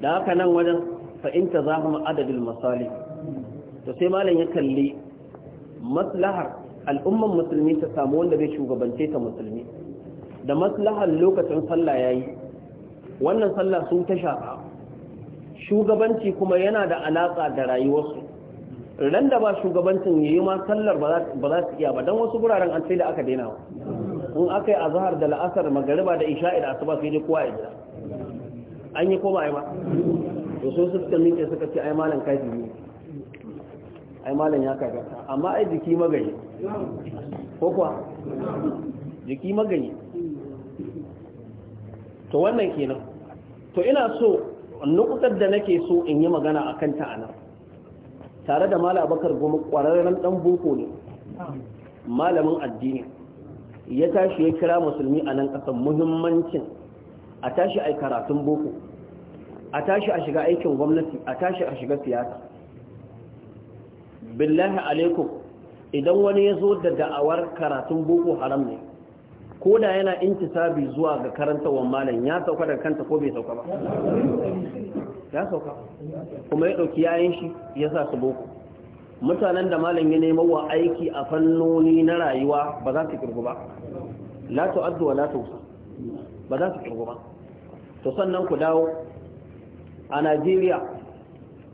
da haka nan wajen fa'inta za kuma adadin masali to sai malam ya kalli maslahar al'umman musulmi ta samu wanda bai shugabance ta musulmi da maslahar lokacin sallah ya yi wannan sallah sun ta shafa shugabanci kuma yana da alaƙa da rayuwarsu ran da ba shugabancin yi ma sallar ba za su iya ba don wasu guraren an sai da aka daina in aka yi azahar da la'asar magariba da isha'i da asuba sai dai kowa ya jira an yi koma ba to so suka minke suka ce aimalan malam kafi ne aimalan ya kagata amma ai jiki magani ko kuwa jiki magani to wannan kenan to ina so nukutar da nake so in yi magana a kan ta anan tare da malam abakar goma kwararren dan boko ne malamin addini ya tashi ya kira musulmi a nan ƙasar muhimmancin a tashi a karatun boko a tashi a shiga aikin gwamnati a tashi a shiga siyasa billahi alaikum idan wani ya zo da da'awar karatun boko haram ne ko da yana intisabi zuwa ga karantawan malam ya sauka da kanta ko bai sauka ba ya sauka kuma ya ɗauki yayin shi ya sa su boko mutanen da malam ya nemo wa aiki a fannoni na rayuwa ba za su kirgu ba la addu'a wa la ba za su kirgu ba to sannan ku dawo a Najeriya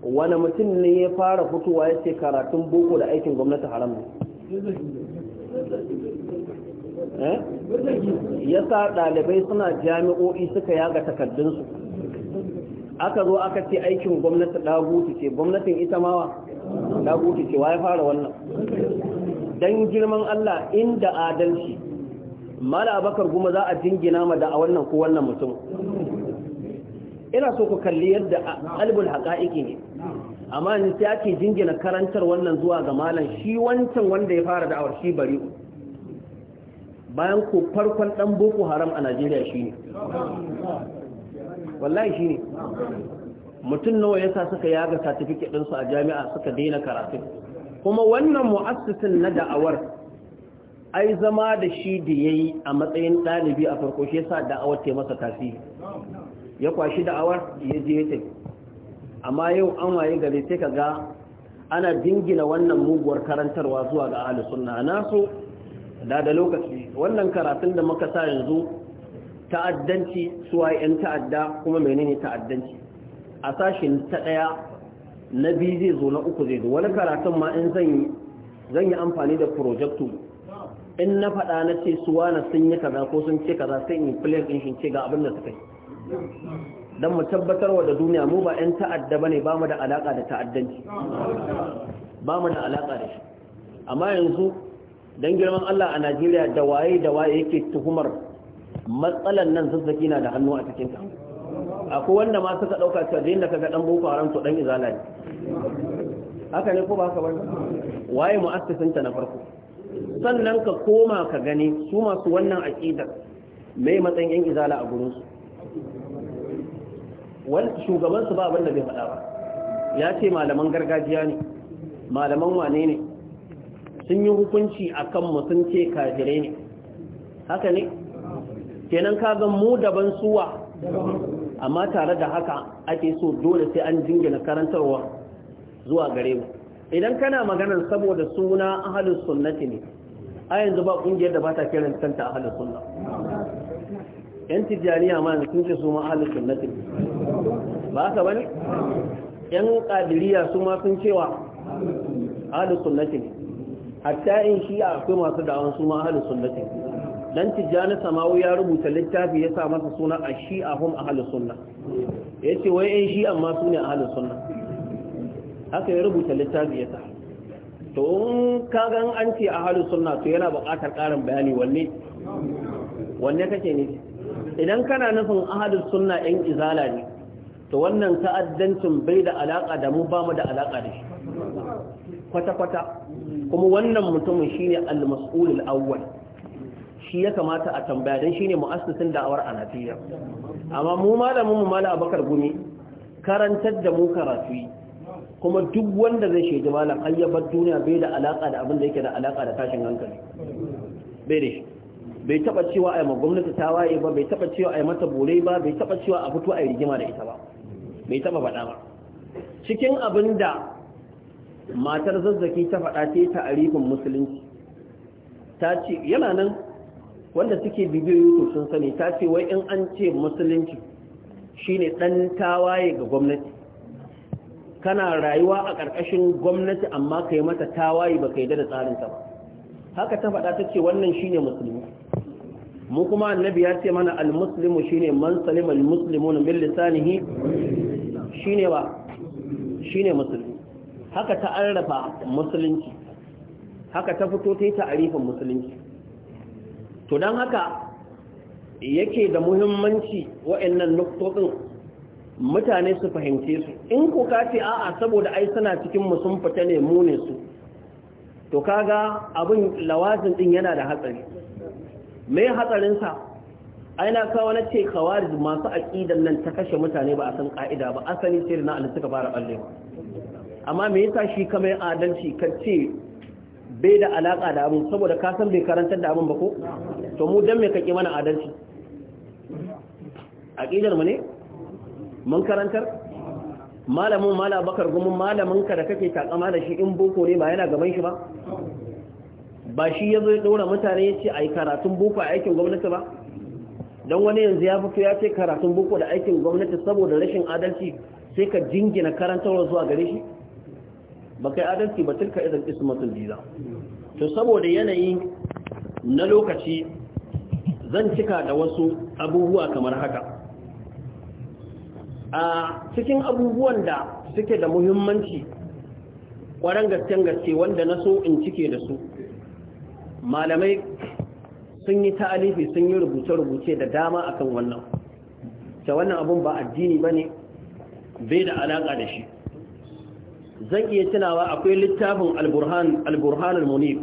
wani mutum ne ya fara fitowa ya ce karatun boko da aikin gwamnati haram ne eh? ya sa ɗalibai suna jami'o'i suka yaga takardunsu aka zo aka ce aikin gwamnati ɗagutu ce gwamnatin ita mawa na goge cewa ya fara wannan dan girman Allah inda adalci mala abakar kuma za a jingina ma da a wannan ko wannan mutum ina so ku kalli yadda albul haqa'iqi ne amma ni sai ake jingina karantar wannan zuwa ga malam shi wancan wanda ya fara da'awar shi bari bayan ko farkon ɗan boko haram a Najeriya shine wallahi shine mutum nawa ya sa suka yaga satifiki ɗinsu a jami'a suka daina karatu kuma wannan mu'assisin na da'awar ai zama da shi da ya yi a matsayin ɗalibi a farko shi yasa da'awar ta masa tasiri ya kwashi da'awar ya je ya tafi amma yau an waye gari sai ka ga ana dingina wannan muguwar karantarwa zuwa ga ahli sunna na so da da lokaci wannan karatun da muka sa yanzu ta'addanci suwa yan ta'adda kuma menene ta'addanci a sashen ta ɗaya na biyu zai zo na uku zai zo wani karatun ma in zan yi amfani da projecto in na faɗa na ce suwa na sun yi kaza ko sun ce kaza sai in filin ɗin shi ce ga abin da suka yi don mu tabbatarwa da duniya mu ba 'yan ta'adda ba ne ba mu da alaƙa da ta'addanci ba mu da alaƙa da shi amma yanzu don girman Allah a Najeriya da waye da waye yake tuhumar matsalan nan zazzaki na da hannu a cikin cikinta akwai wanda ma suka dauka cewa da kaga dan boko haram to dan izala ne haka ne ko ba haka ba waye mu'assasin ta na farko sannan ka koma ka gani su masu wannan aqidar mai matsayin yan izala a gurin su shugaban su ba abin da bai faɗa ba ya ce malaman gargajiya ne malaman wane ne sun yi hukunci a kan sun ce kafire ne haka ne kenan ka ga mu daban suwa amma tare da haka ake so dole sai an jingina karantarwa zuwa gare mu idan kana magana saboda suna ahalin sunnati ne a yanzu ba kungiyar da ba ta kiran kanta ahalin sunna yan tijjaniya ma yanzu sun ce su ma ahalin sunnati ne ba ka bane yan kadiriya su ma sun cewa ahalin sunnati ne hatta in shi akwai masu da'awan su ma ahalin sunnati ne dan tijjani samawu ya rubuta littafi ya sa masa suna a shi'a a halin suna. ya ce wai yan shi'an su ne halin suna. haka ya rubuta littafi ya sa to in kagan an ce a halin suna to yana buƙatar ƙarin bayani wanne wanne kake ne idan kana nufin a halin suna yan izala ne to wannan ta'addancin bai da alaka da mu ba mu da alaka da shi kwata-kwata kuma wannan mutumin shine al-mas'ul al-awwal shi ya kamata a tambaya don shi ne mu'assisin da'awar a nafiya amma mu malamin mu mala abakar gumi karantar da mu karatu kuma duk wanda zai shaidu malam ayyabar duniya bai da alaka da abin da yake da alaka da tashin hankali bai da shi bai taba cewa ai ma gwamnati ta waye ba bai taba cewa ai mata bore ba bai taba cewa a fito ai rigima da ita ba bai taba faɗa ba cikin abin da matar zazzaki ta faɗa ce ta arifin musulunci ta ce yana nan wanda suke bibiyoyi sun sani ta ce wai in an ce musulunci shi ne dan tawaye ga gwamnati kana rayuwa a ƙarƙashin gwamnati amma ka yi mata tawaye ba ka yi da ta ba haka ta faɗa ta ce wannan shi ne musulmi mu kuma annabi ya ce mana almuslimu shi ne man salim almuslimu na mil lisanihi shi ne ba shi ne musulmi haka ta arrafa musulunci haka ta fito ta yi ta'arifin musulunci to don haka yake da muhimmanci wa'annan nuktoɗin mutane su fahimce su in ku ka ce a'a saboda ai suna cikin mu sun fita ne mu su to kaga abin lawazin din yana da hatsari Mai hatsarinsa aina kawo na ce da masu aƙidan nan ta kashe mutane ba a san ƙa'ida ba asali sai na Allah suka fara ɓallewa amma mai yasa shi kamar adalci ce bai da alaƙa da abin saboda ka san bai karantar da abin ba ko to mu dan me kake mana adalci aqidar mu ne mun karantar malamin mala bakar gumin malamin ka da kake takama da shi in boko ne ba yana gaban shi ba ba shi ya ya dora mutane ya ce a karatun boko a aikin gwamnati ba don wani yanzu ya fito ya ce karatun boko da aikin gwamnati saboda rashin adalci sai ka jingina karantarwa zuwa gare shi ba kai adalci ba tilka idan ismatul jiza to saboda yanayi na lokaci zan cika da wasu abubuwa kamar haka a cikin abubuwan da suke da muhimmanci ƙwaron gasken gaske wanda na so in cike da su malamai sun yi ta'alifi sun yi rubuce-rubuce da dama akan wannan ta wannan abun ba addini ba ne bai da alaƙa da shi zan iya tunawa akwai littafin alburhan alburhan almunif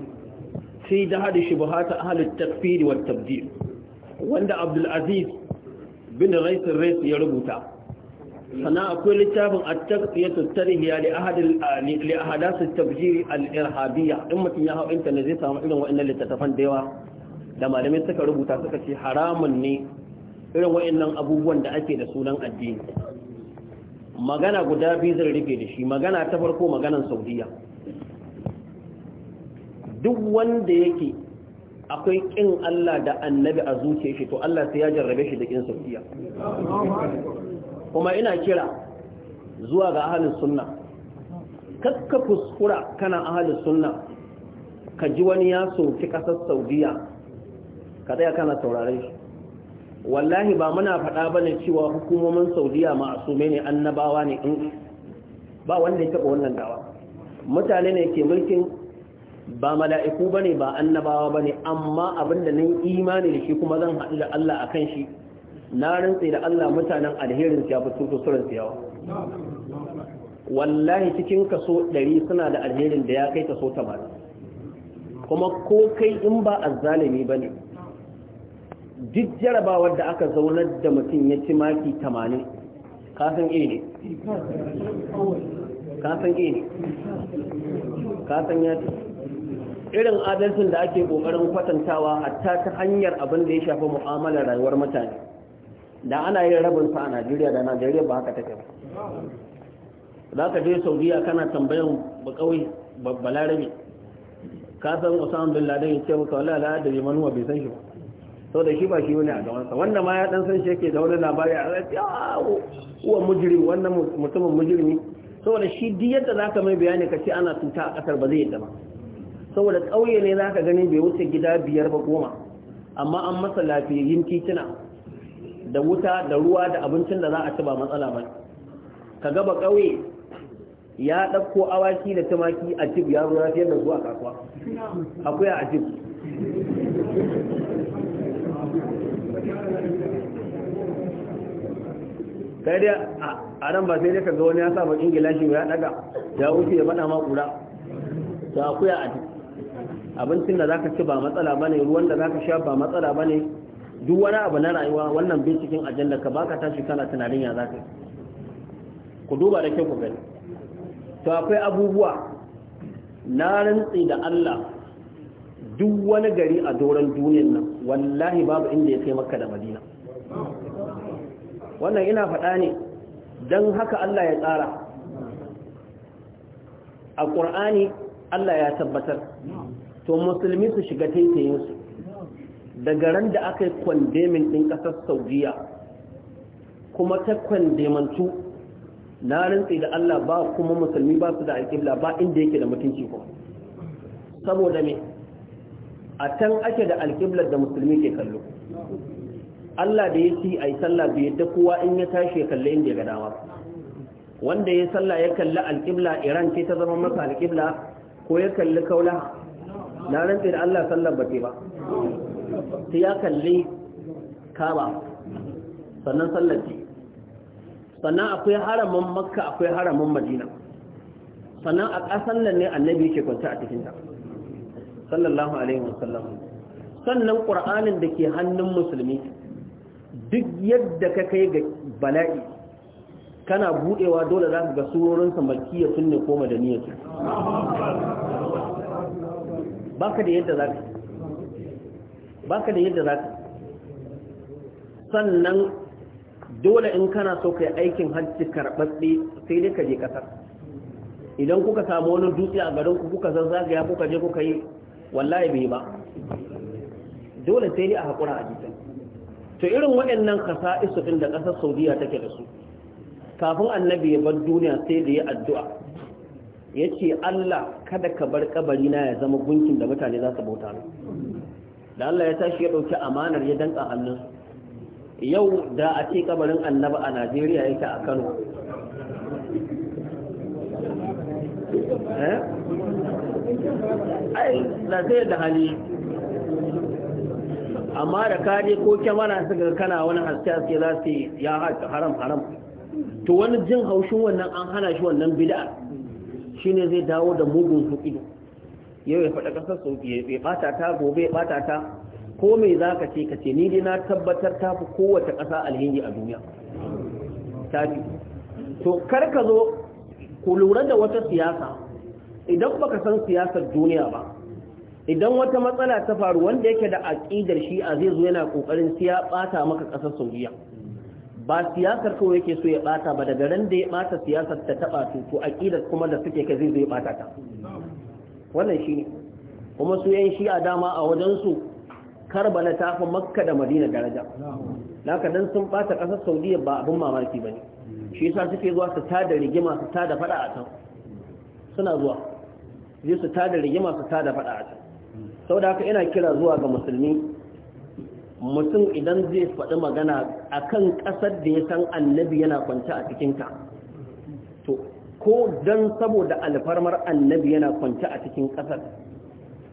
fi da hada buhata ahli at-takfir wa tabdil wanda abdulaziz bin raisin rais ya rubuta sana akwai littafin a taksiyatu tarihiya li ahadasu tabjiri al-irhabiyya in mutum ya hau intanet zai samu irin wa'annan littattafan da yawa da malamai suka rubuta suka ce haramun ne irin wa'annan abubuwan da ake da sunan addini magana guda biyu zan rufe da shi magana ta farko maganan saudiya duk wanda yake akwai kin Allah da annabi a zuciyar shi to Allah sai ya jarrabe shi da kin safiya kuma ina kira zuwa ga ahalin sunna kakka kuskura kana ahalin sunna ka ji wani ya ki kasar saudiya ka tsaya kana saurare shi wallahi ba muna faɗa ba ne cewa hukumomin saudiya ma'asume ne annabawa ne in ba wanda ya taɓa wannan dawa mutane ne ke mulkin ba mala'iku ne, ba annabawa ba ne, amma abin abinda nan imani da shi kuma zan haɗu da Allah a kan shi na rantsi da Allah mutanen alherin siya ya fi tutusuran su yawa wallahi cikin kaso ɗari suna da alherin da ya kai kaso 80 kuma ko kai in ba a ba ne. duk jarabawar da aka zaunar da mutum ya ci maki tamanin kasan iya ne kasan iya ne kasan ya ce irin adalcin da ake ƙoƙarin kwatantawa hatta ta hanyar abin da ya shafi mu'amalar rayuwar mutane da ana yin rabin sa a Najeriya da Najeriya ba haka take ba za ka je Saudiya kana tambayan ba kawai balarabe ka san Osama bin Laden ya ce maka wallahi la da liman huwa bai san shi ba sau da shi ba shi wani a ga sa wanda ma ya dan san shi yake da wani labari a zai yawo ah, uwa mujrim wannan mutumin ne saboda shi duk yadda zaka mai bayani ka ce ana tuta a kasar ba zai yadda ba saboda ƙauye ne za ka gani bai wuce gida biyar ba goma amma an masa lafiyayyin titina da wuta da ruwa da abincin da za a ci ba matsala ba ka gaba ƙauye ya ɗauko awaki da tumaki a jib ya ruwa fiye da zuwa kasuwa akwai a jib sai dai a ran ba sai dai ka ga wani ya sa bakin gilashi ya daga ya wuce ya faɗa ma kura ta akuya a jib abincin da zaka ci ba matsala bane ruwan da zaka sha ba matsala bane duk wani abu na rayuwa wannan binciken ajanda ka baka tashi kana tunanin ya zaka ku duba da kyau ku gani to akwai abubuwa na rantsi da Allah duk wani gari a doron duniyar nan wallahi babu inda ya kai makka da madina wannan ina faɗa ne don haka Allah ya tsara a ƙur'ani Allah ya tabbatar to musulmi su shiga taitayinsu daga ran da aka yi kwandemin ɗin ƙasar saudiya kuma ta kwandemantu na rantse da allah ba kuma musulmi ba su da alƙibla ba inda yake da mutunci kuma saboda me a can ake da alƙiblar da musulmi ke kallo allah da ya ci a yi sallah bai da kowa in ya tashi ya kalli inda ya ga dama wanda ya sallah ya kalli alƙibla iran ce ta zama masa alƙibla ko ya kalli kaula na rantse da Allah sallar ba ba sai ya kalli kaba sannan sallar ce sannan akwai haramin makka akwai haramin madina sannan a ƙasan nan ne annabi yake kwanta a cikinta sallallahu alaihi wasallam sannan ƙur'anin da ke hannun musulmi duk yadda ka kai ga bala'i kana buɗewa dole za ka ga surorinsa malkiyar sun ne ko madaniyar baka da yadda zaka baka da yadda zaka sannan dole in kana so kai aikin hajji karbabbe sai dai ka je ƙasar idan kuka samu wani dutse a garin ku kuka zazzagaya kuka je kuka yi wallahi bai ba dole sai dai a haƙura a jikin to irin waɗannan kasa isu da ƙasar saudiya take da su kafin annabi ya bar duniya sai da ya addu'a ya ce allah kada ka bar kabari na ya zama gunkin da mutane za su bauta min da Allah ya tashi ya dauki amanar ya danka hannun yau da a ce kabarin annaba a Najeriya yake a Kano eh ai da sai da hali amma da kaje ko kyamara suka kana wani haske haske za su ya haram haram to wani jin haushin wannan an hana shi wannan bid'a ne zai dawo da mugun su ido yau ya faɗa ƙasar sau ya ɓata ta gobe ya ɓata ta ko mai za ka ce ka ce ni dai na tabbatar ta fi kowace ƙasa alhingi a duniya ta fi to kar ka zo ku lura da wata siyasa idan baka san siyasar duniya ba idan wata matsala ta faru wanda yake da aƙidar shi a zai zo yana ƙoƙarin siya ɓata maka ƙasar saudiya ba siyasar kawai yake so ya bata ba daga ran da ya bata siyasar ta taba su to aqidar kuma da suke ka zai zai bata ta wannan shine kuma su yan shi a dama a wajen su Karbala ta fi Makka da Madina daraja ka dan sun bata kasar Saudiya ba abin mamaki bane shi yasa suke zuwa su tada rigima su tada fada a can suna zuwa zai su tada rigima su tada fada a can saboda haka ina kira zuwa ga musulmi mutum idan zai faɗi magana a kan ƙasar da ya san annabi yana kwance a cikinka, to ko don saboda alfarmar annabi yana kwance a cikin ƙasar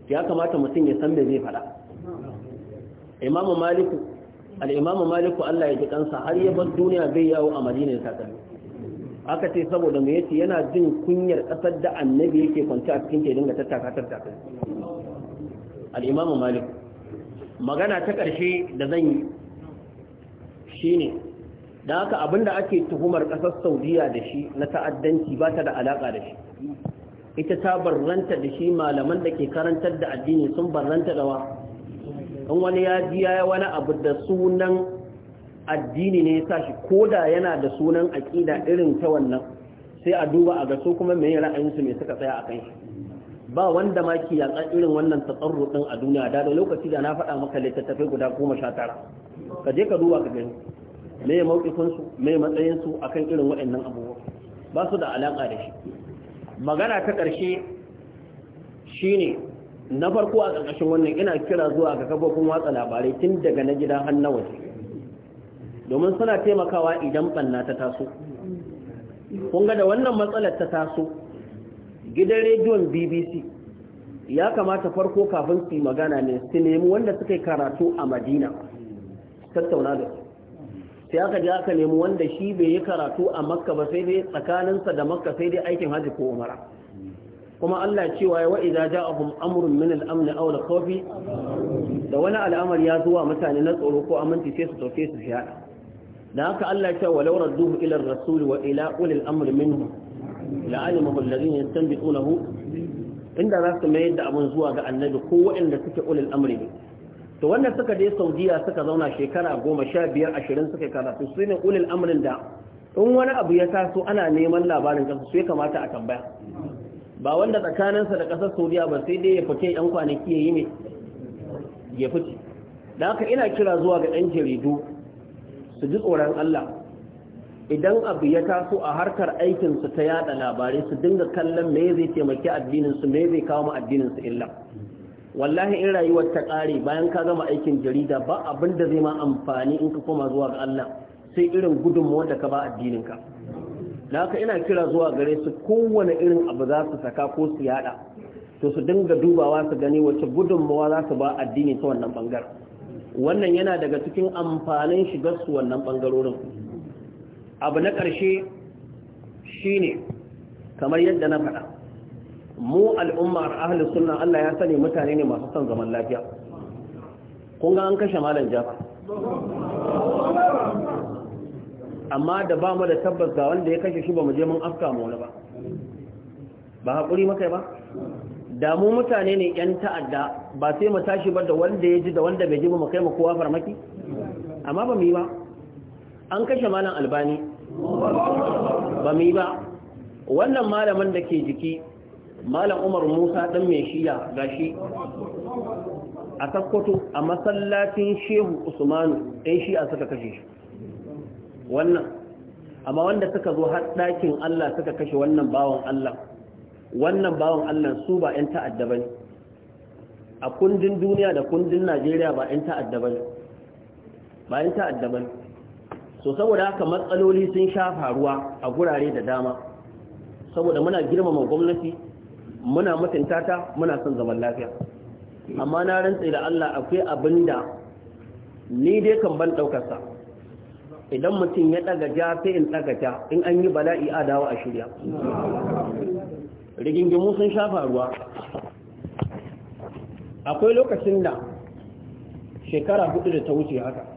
ya kamata mutum ya san me zai faɗa maliku al'imamu maliku Allah ya ji ɗansa har ya ban duniya zai yawo a madina ya takalmi aka ce saboda mai yace yana jin kunyar ƙasar da annabi yake kwanci a cikin ke dinga tattaka tattaka al'imamu maliku magana ta ƙarshe da zan yi shi ne da haka abinda ake tuhumar ƙasar saudiya da shi na ta'addanci ba ta da alaƙa da shi ita ta barranta da shi malaman da ke karantar da addini sun barranta da wa in wani ya ji ya wani abu da sunan addini ne ya sa shi da yana da sunan aƙida irin ta wannan sai a duba a ga kuma mai ra'ayinsu mai suka tsaya a kai ba wanda ma ke yaƙa irin wannan tsarro ɗin a duniya da lokaci da na faɗa maka littattafai guda goma sha tara ka je ka duba ka gani me ya mawukifinsu me ya matsayinsu a kan irin waɗannan abubuwa ba su da alaƙa da shi magana ta ƙarshe shi ne na farko a ƙarƙashin wannan ina kira zuwa ga kafofin watsa labarai tun daga na gida har na waje domin suna taimakawa idan ɓanna ta taso kun ga da wannan matsalar ta taso gidan rediyon bbc ya kamata farko kafin su magana ne su nemi wanda suka yi karatu a madina tattauna da su sai aka ji aka nemi wanda shi bai yi karatu a makka ba sai dai tsakaninsa da makka sai dai aikin hajji ko umara kuma Allah cewa ya wa'iza ja'ahum amrun min al aw al-khawf da wani al'amar ya zuwa mutane na tsoro ko aminci sai su dauke su fiya da haka Allah cewa wa walau radduhu illar ar-rasul wa ila ulil amri minhum la'alimahu alladhina yastanbitunahu inda za su mayar da abun zuwa ga annabi ko waɗanda suke ulul amri ne to wannan suka je saudiya suka zauna shekara goma sha biyar ashirin suka karatu su ne ulul amrin da in wani abu ya taso ana neman labarin kansu su ya kamata a tambaya ba wanda tsakaninsa da ƙasar saudiya ba sai dai ya fice yan kwanaki ya yi ne ya fice da haka ina kira zuwa ga ɗan jaridu su ji tsoron allah idan abu ya taso a harkar aikinsu ta yada labarai su dinga kallon me zai taimaki addininsu me zai kawo addininsu illa wallahi in rayuwar ta kare bayan ka gama aikin jarida ba abin da zai ma amfani in ka koma zuwa ga Allah sai irin gudunmuwar da ka ba addininka da haka ina kira zuwa gare su kowane irin abu za su saka ko su yada to su dinga dubawa su gani wacce gudunmuwa za su ba addini ta wannan bangar. wannan yana daga cikin amfanin shigar su wannan bangarorin abu na ƙarshe shi ne kamar yadda na faɗa mu al'ummar ahalin suna Allah ya sani mutane ne masu son zaman lafiya kun ga an kashe malam jafa amma da ba mu da tabbas ga wanda ya kashe shi ba mu je mun afka mu wani ba ba haƙuri makai ba da mu mutane ne yan ta'adda ba sai mu tashi ba da wanda ya ji da wanda bai ji ba mu kai mu kowa farmaki amma ba mu yi ba an kashe malam albani ba mu yi ba wannan malaman da ke jiki malam umar musa ɗan mai shiya gashi a sakkwato a matsalatin shehu usmanu ɗan a suka kashe shi wannan amma wanda suka zo har ɗakin allah suka kashe wannan bawan allah wannan bawan allah su ba 'yan ta'adda ba ne a kundin duniya da kundin najeriya ba 'yan ta'adda ba ne ba 'yan ta'adda ba ne so saboda haka matsaloli sun sha faruwa a gurare da dama saboda muna girmama gwamnati muna mutunta ta muna son zaman lafiya amma na rantse da Allah akwai abin da ni dai kan ban sa idan mutum ya ɗaga ja sai in ɗaga ja in an yi bala'i a dawo a shirya rigingimu sun sha faruwa akwai lokacin da shekara hudu da ta wuce haka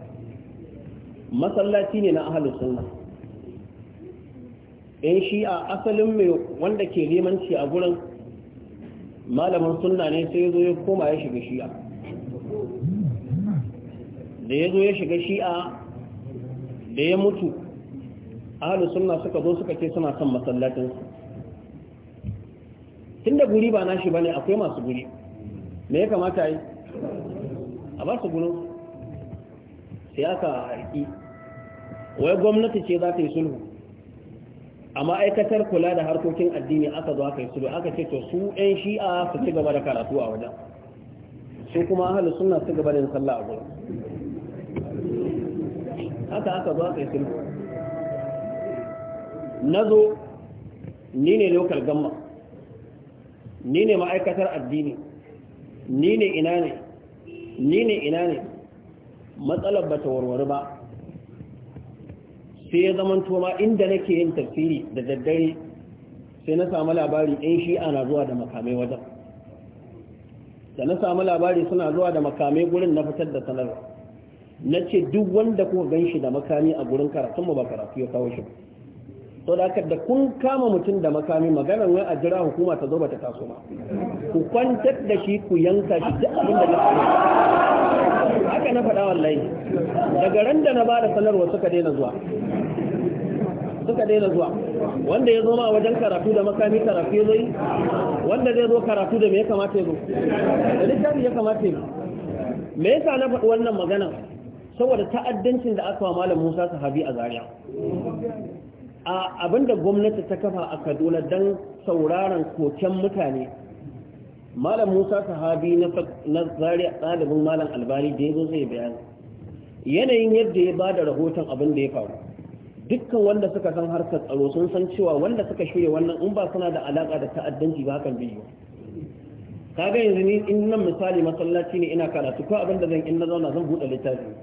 masallaci ne na ahalin sunna in shi a asalin mai wanda ke limanci a gurin malamin sunna ne sai ya zo ya koma ya shiga shi'a da ya zo ya shiga shi'a da ya mutu ahalin sunna suka zo suka ce suna kan masallacinsu tun da guri ba nashi bane akwai masu guri me ya kamata yi a ba su gurinsu siyasa a haƙi wai gwamnati ce za ta yi sulhu a ma'aikatar kula da harkokin addini aka zo aka yi sulhu aka ce to su 'yan shi'a su ci gaba da karatu a wajen su kuma ahalu suna su gaba da yin sallah a gudu haka aka zo aka yi sulhu na zo ni ne lokal gamma ni ne ma'aikatar addini ni ne ina ne ni ne ina ne matsalar ba ta warware ba sai ya zama ma inda nake yin tafsiri da daddare sai na samu labari ɗin shi ana zuwa da makamai wajen da na samu labari suna zuwa da makamai gurin na fitar da sanar na ce duk wanda kuka gan shi da makami a gurin karatunmu ba karatu ya kawo shi ba to da haka da kun kama mutum da makami magana wai a jira hukuma ta zo bata taso ba ku kwantar da shi ku yanka shi duk abin da na faɗa haka na faɗa wallahi daga ran da na ba da sanarwa suka daina zuwa suka daina zuwa wanda ya zo ma wajen karatu da makami karatu ya zai wanda zai zo karatu da me ya kamata ya zo da littafi ya kamata ya me yasa na faɗi wannan magana saboda ta'addancin da aka wa malam Musa sahabi a Zaria a abinda gwamnati ta kafa a kaduna don sauraron koken mutane malam musa sahabi na zariya ɗalibin malam albani da ya zo zai bayani yanayin yadda ya ba da rahoton abin da ya faru dukkan wanda suka san harkar tsaro sun san cewa wanda suka shirya wannan in ba suna da alaka da ta'addanci ba kan biyu kaga yanzu ni in nan misali masallaci ne ina karatu ko abin da zan in na zauna zan buɗe littafi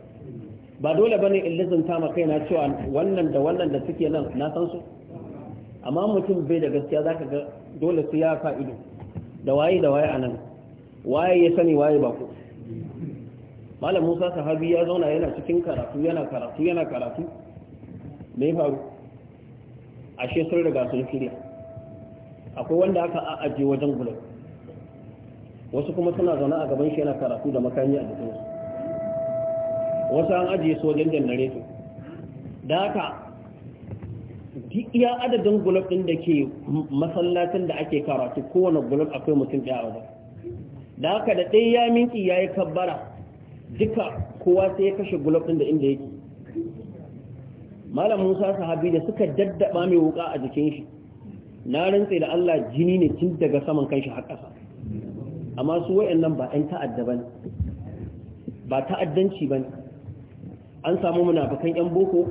ba dole bane in lizanta ma kaina cewa wannan da wannan da suke nan na san su amma mutum bai da gaskiya zaka ga dole su ya fa'ido da waye da waye anan waye ya sani waye ba ku malam Musa sahabi ya zauna yana cikin karatu yana karatu yana karatu me faru ashe sun riga sun shirya akwai wanda aka ajiye wajen gulo wasu kuma suna zaune a gaban shi yana karatu da makami a jikinsu wasu an ajiye su wajen jannare su da haka iya adadin gulab ɗin da ke masallacin da ake karatu kowane gulab akwai mutum ɗaya a wajen da haka da ɗaya ya minki ya yi kabbara duka kowa sai ya kashe gulab ɗin da inda yake malam musa sahabi da suka daddaba mai wuka a jikin shi na rantse da allah jini ne tun daga saman kanshi har ƙasa amma su wa'annan ba 'yan ta'adda ba ba ta'addanci ba ne an samu munafakan yan boko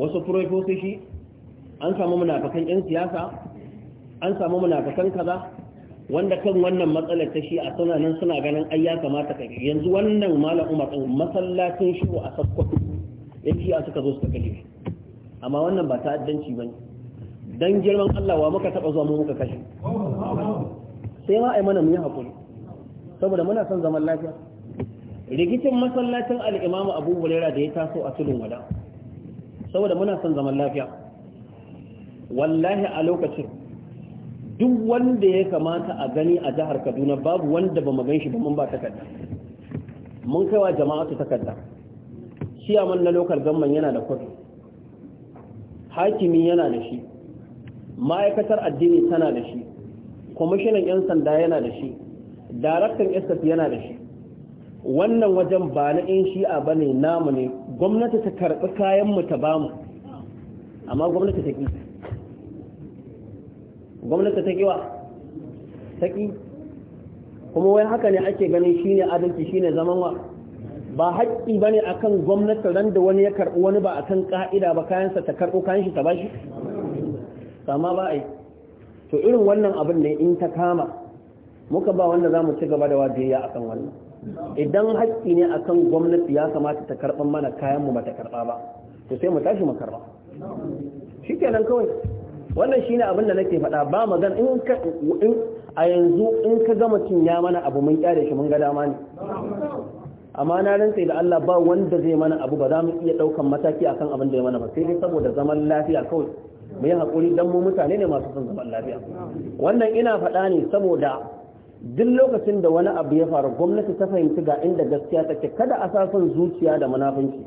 wasu profesoshi an samu munafakan yan siyasa an samu munafakan kaza wanda kan wannan matsalar ta shi a sananan suna ganin ai ya kamata kai yanzu wannan malam umar din masallacin shi a sakko yake shi'a suka zo suka kalle amma wannan ba ta'addanci bane dan girman Allah wa muka taba zuwa mu muka kashe sai ma ai mana mu yi hakuri saboda muna son zaman lafiya rikicin masallacin al'imamu abu hulera da ya taso a tudun wada saboda muna son zaman lafiya wallahi a lokacin duk wanda ya kamata a gani a jihar kaduna babu wanda ba magan shi ba mun ba takarda mun kaiwa jama'atu takarda ciyaman na lokar gamman yana da kwafi hakimi yana da shi ma'aikatar addini tana da shi kwamishinan 'yan sanda yana da shi daraktan sf yana da shi wannan wajen ba na in shi'a ba ne namu ne gwamnati ta karɓi kayan mu ta bamu amma gwamnati ta ƙi gwamnati ta ƙi wa ta ƙi kuma wai haka ne ake ganin shine adalci shine zaman wa ba haƙƙi ba ne a kan gwamnati ran da wani ya karɓi wani ba a kan ƙa'ida ba kayansa ta karɓo kayan shi ta ba shi kama ba a yi to irin wannan abin ne in ta kama muka ba wanda za mu ci gaba da ya a kan wannan idan haƙƙi ne akan gwamnati ya kamata ta karɓar mana kayanmu mu bata karɓa ba to sai mu tashi mu karɓa Shi nan kawai wannan shi abin da nake faɗa ba magana in ka in a yanzu in ka ga mutum ya mana abu mun kyare shi mun ga dama ne amma na rantsa da Allah ba wanda zai mana abu ba za mu iya ɗaukan mataki akan abin da ya mana ba sai dai saboda zaman lafiya kawai mu yi hakuri dan mu mutane ne masu son zaman lafiya wannan ina faɗa ne saboda duk lokacin da wani abu ya faru gwamnati ta fahimci ga inda gaskiya take kada a san zuciya da munafunci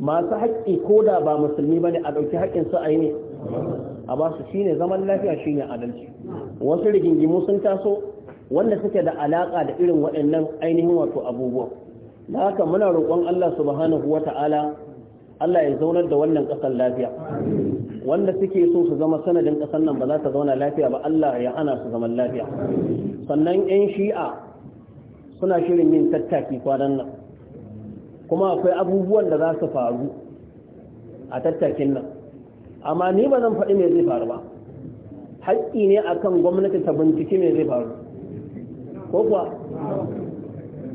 masu haƙƙi ko da ba musulmi ba ne a ɗauki haƙƙin su a yi ne a ba su shine zaman lafiya shine adalci wasu rigingimu sun taso wanda suke da alaƙa da irin waɗannan ainihin wato abubuwa da haka muna roƙon Allah subhanahu wa ta'ala Allah ya zaunar da wannan ƙasar lafiya wanda suke so su zama sanadin ƙasar nan ba za ta zauna lafiya ba Allah ya hana su zaman lafiya sannan 'yan shi'a suna shirin yin tattaki kwanan nan kuma akwai abubuwan da za su faru a tattakin nan amma ni ba zan faɗi mai zai faru ba haƙƙi ne a kan gwamnati ta binciki mai zai faru ko kuwa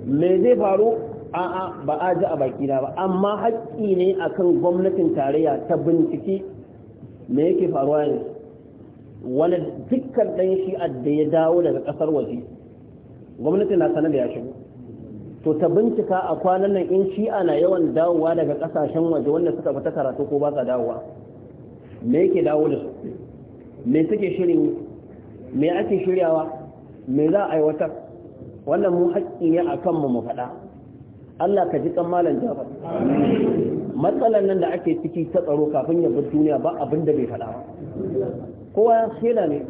mai zai faru a'a ba a ji a baki ba amma haƙƙi ne a kan gwamnatin tarayya ta binciki me yake faruwa yanzu wani dukkan ɗan shi da ya dawo daga ƙasar waje gwamnati na sanar da ya shigo to ta bincika a kwanan nan in shi ana yawan dawowa daga ƙasashen waje wanda suka fita karatu ko ba sa dawowa me yake dawo da su me suke shirin me ake shiryawa me za a aiwatar wannan mu haƙƙi ne a kanmu mu faɗa Allah ka ji kan malam Jafar matsalan nan da ake ciki ta tsaro kafin ya bar duniya ba abin da bai faɗa ba kowa ya sela ne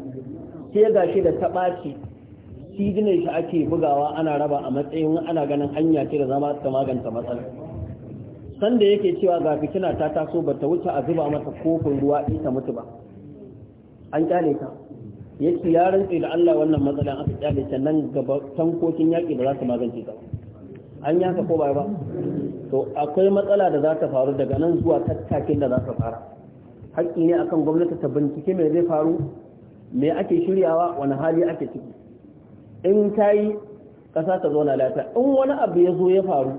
sai ya gashi da ta ɓaci sidinai shi ake bugawa ana raba a matsayin ana ganin hanya ce da zama ta maganta matsala sanda yake cewa ga fitina ta taso ba ta wuce a zuba mata kofin ruwa ita mutu ba an kyale ta yake ya rantse da Allah wannan matsalan aka kyale ta nan gaba tankokin yaki ba za su magance ta an yaka ko ba ba to akwai matsala da za ta faru daga nan zuwa tattakin da za ta fara haƙƙi ne akan gwamnati ta bincike me zai faru me ake shiryawa wani hali ake ciki in ta yi ƙasa ta zauna lafiya in wani abu ya zo ya faru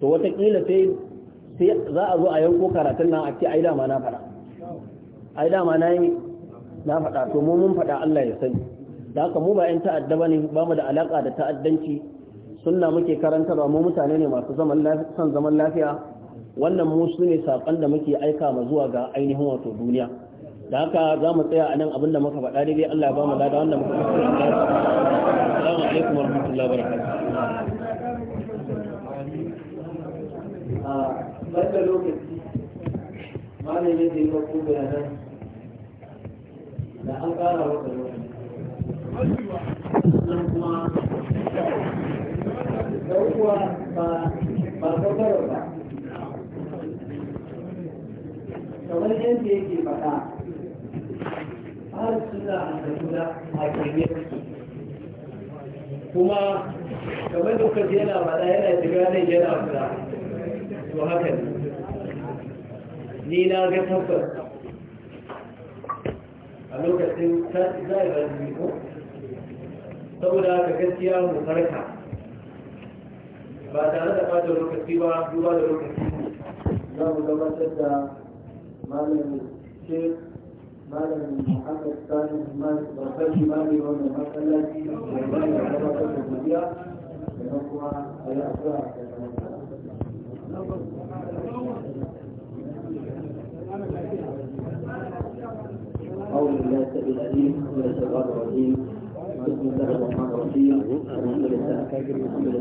to watakila sai za a zo a yanko karatun nan a ce ai dama na faɗa ai dama na na faɗa to mu mun faɗa Allah ya sani da haka mu ba 'yan ta'adda bane ne ba mu da alaka da ta'addanci sunna muke karantarwa mu mutane ne masu zaman lafiya son zaman lafiya wannan mu su ne saƙon da muke aika ma zuwa ga ainihin wato duniya da haka za mu tsaya a nan da muka faɗa daidai Allah ya ba mu lada wanda muka faɗa Assalamu alaikum wa rahmatullahi wa barakatuh. A lokaci malamin da ya ku da an ƙara wata lokaci. kuma ba ba ba kamar yadda yake faɗa har suna a kaduna a kanye kuma kamar da kuka yana faɗa yana shiga nan yana fura to haka ne ni na ga tabbas a lokacin za a yi ko saboda haka gaskiya mu farka ba tare da ɓata lokaci ba duba da lokaci za mu gabatar da malamin shek malamin muhammad sani malik babban imami wannan masallaci da wani da gabatar da godiya da nan kuma a yi addu'a a kan أعوذ بالله السميع العليم من الشيطان الرجيم بسم الله الرحمن الرحيم الحمد لله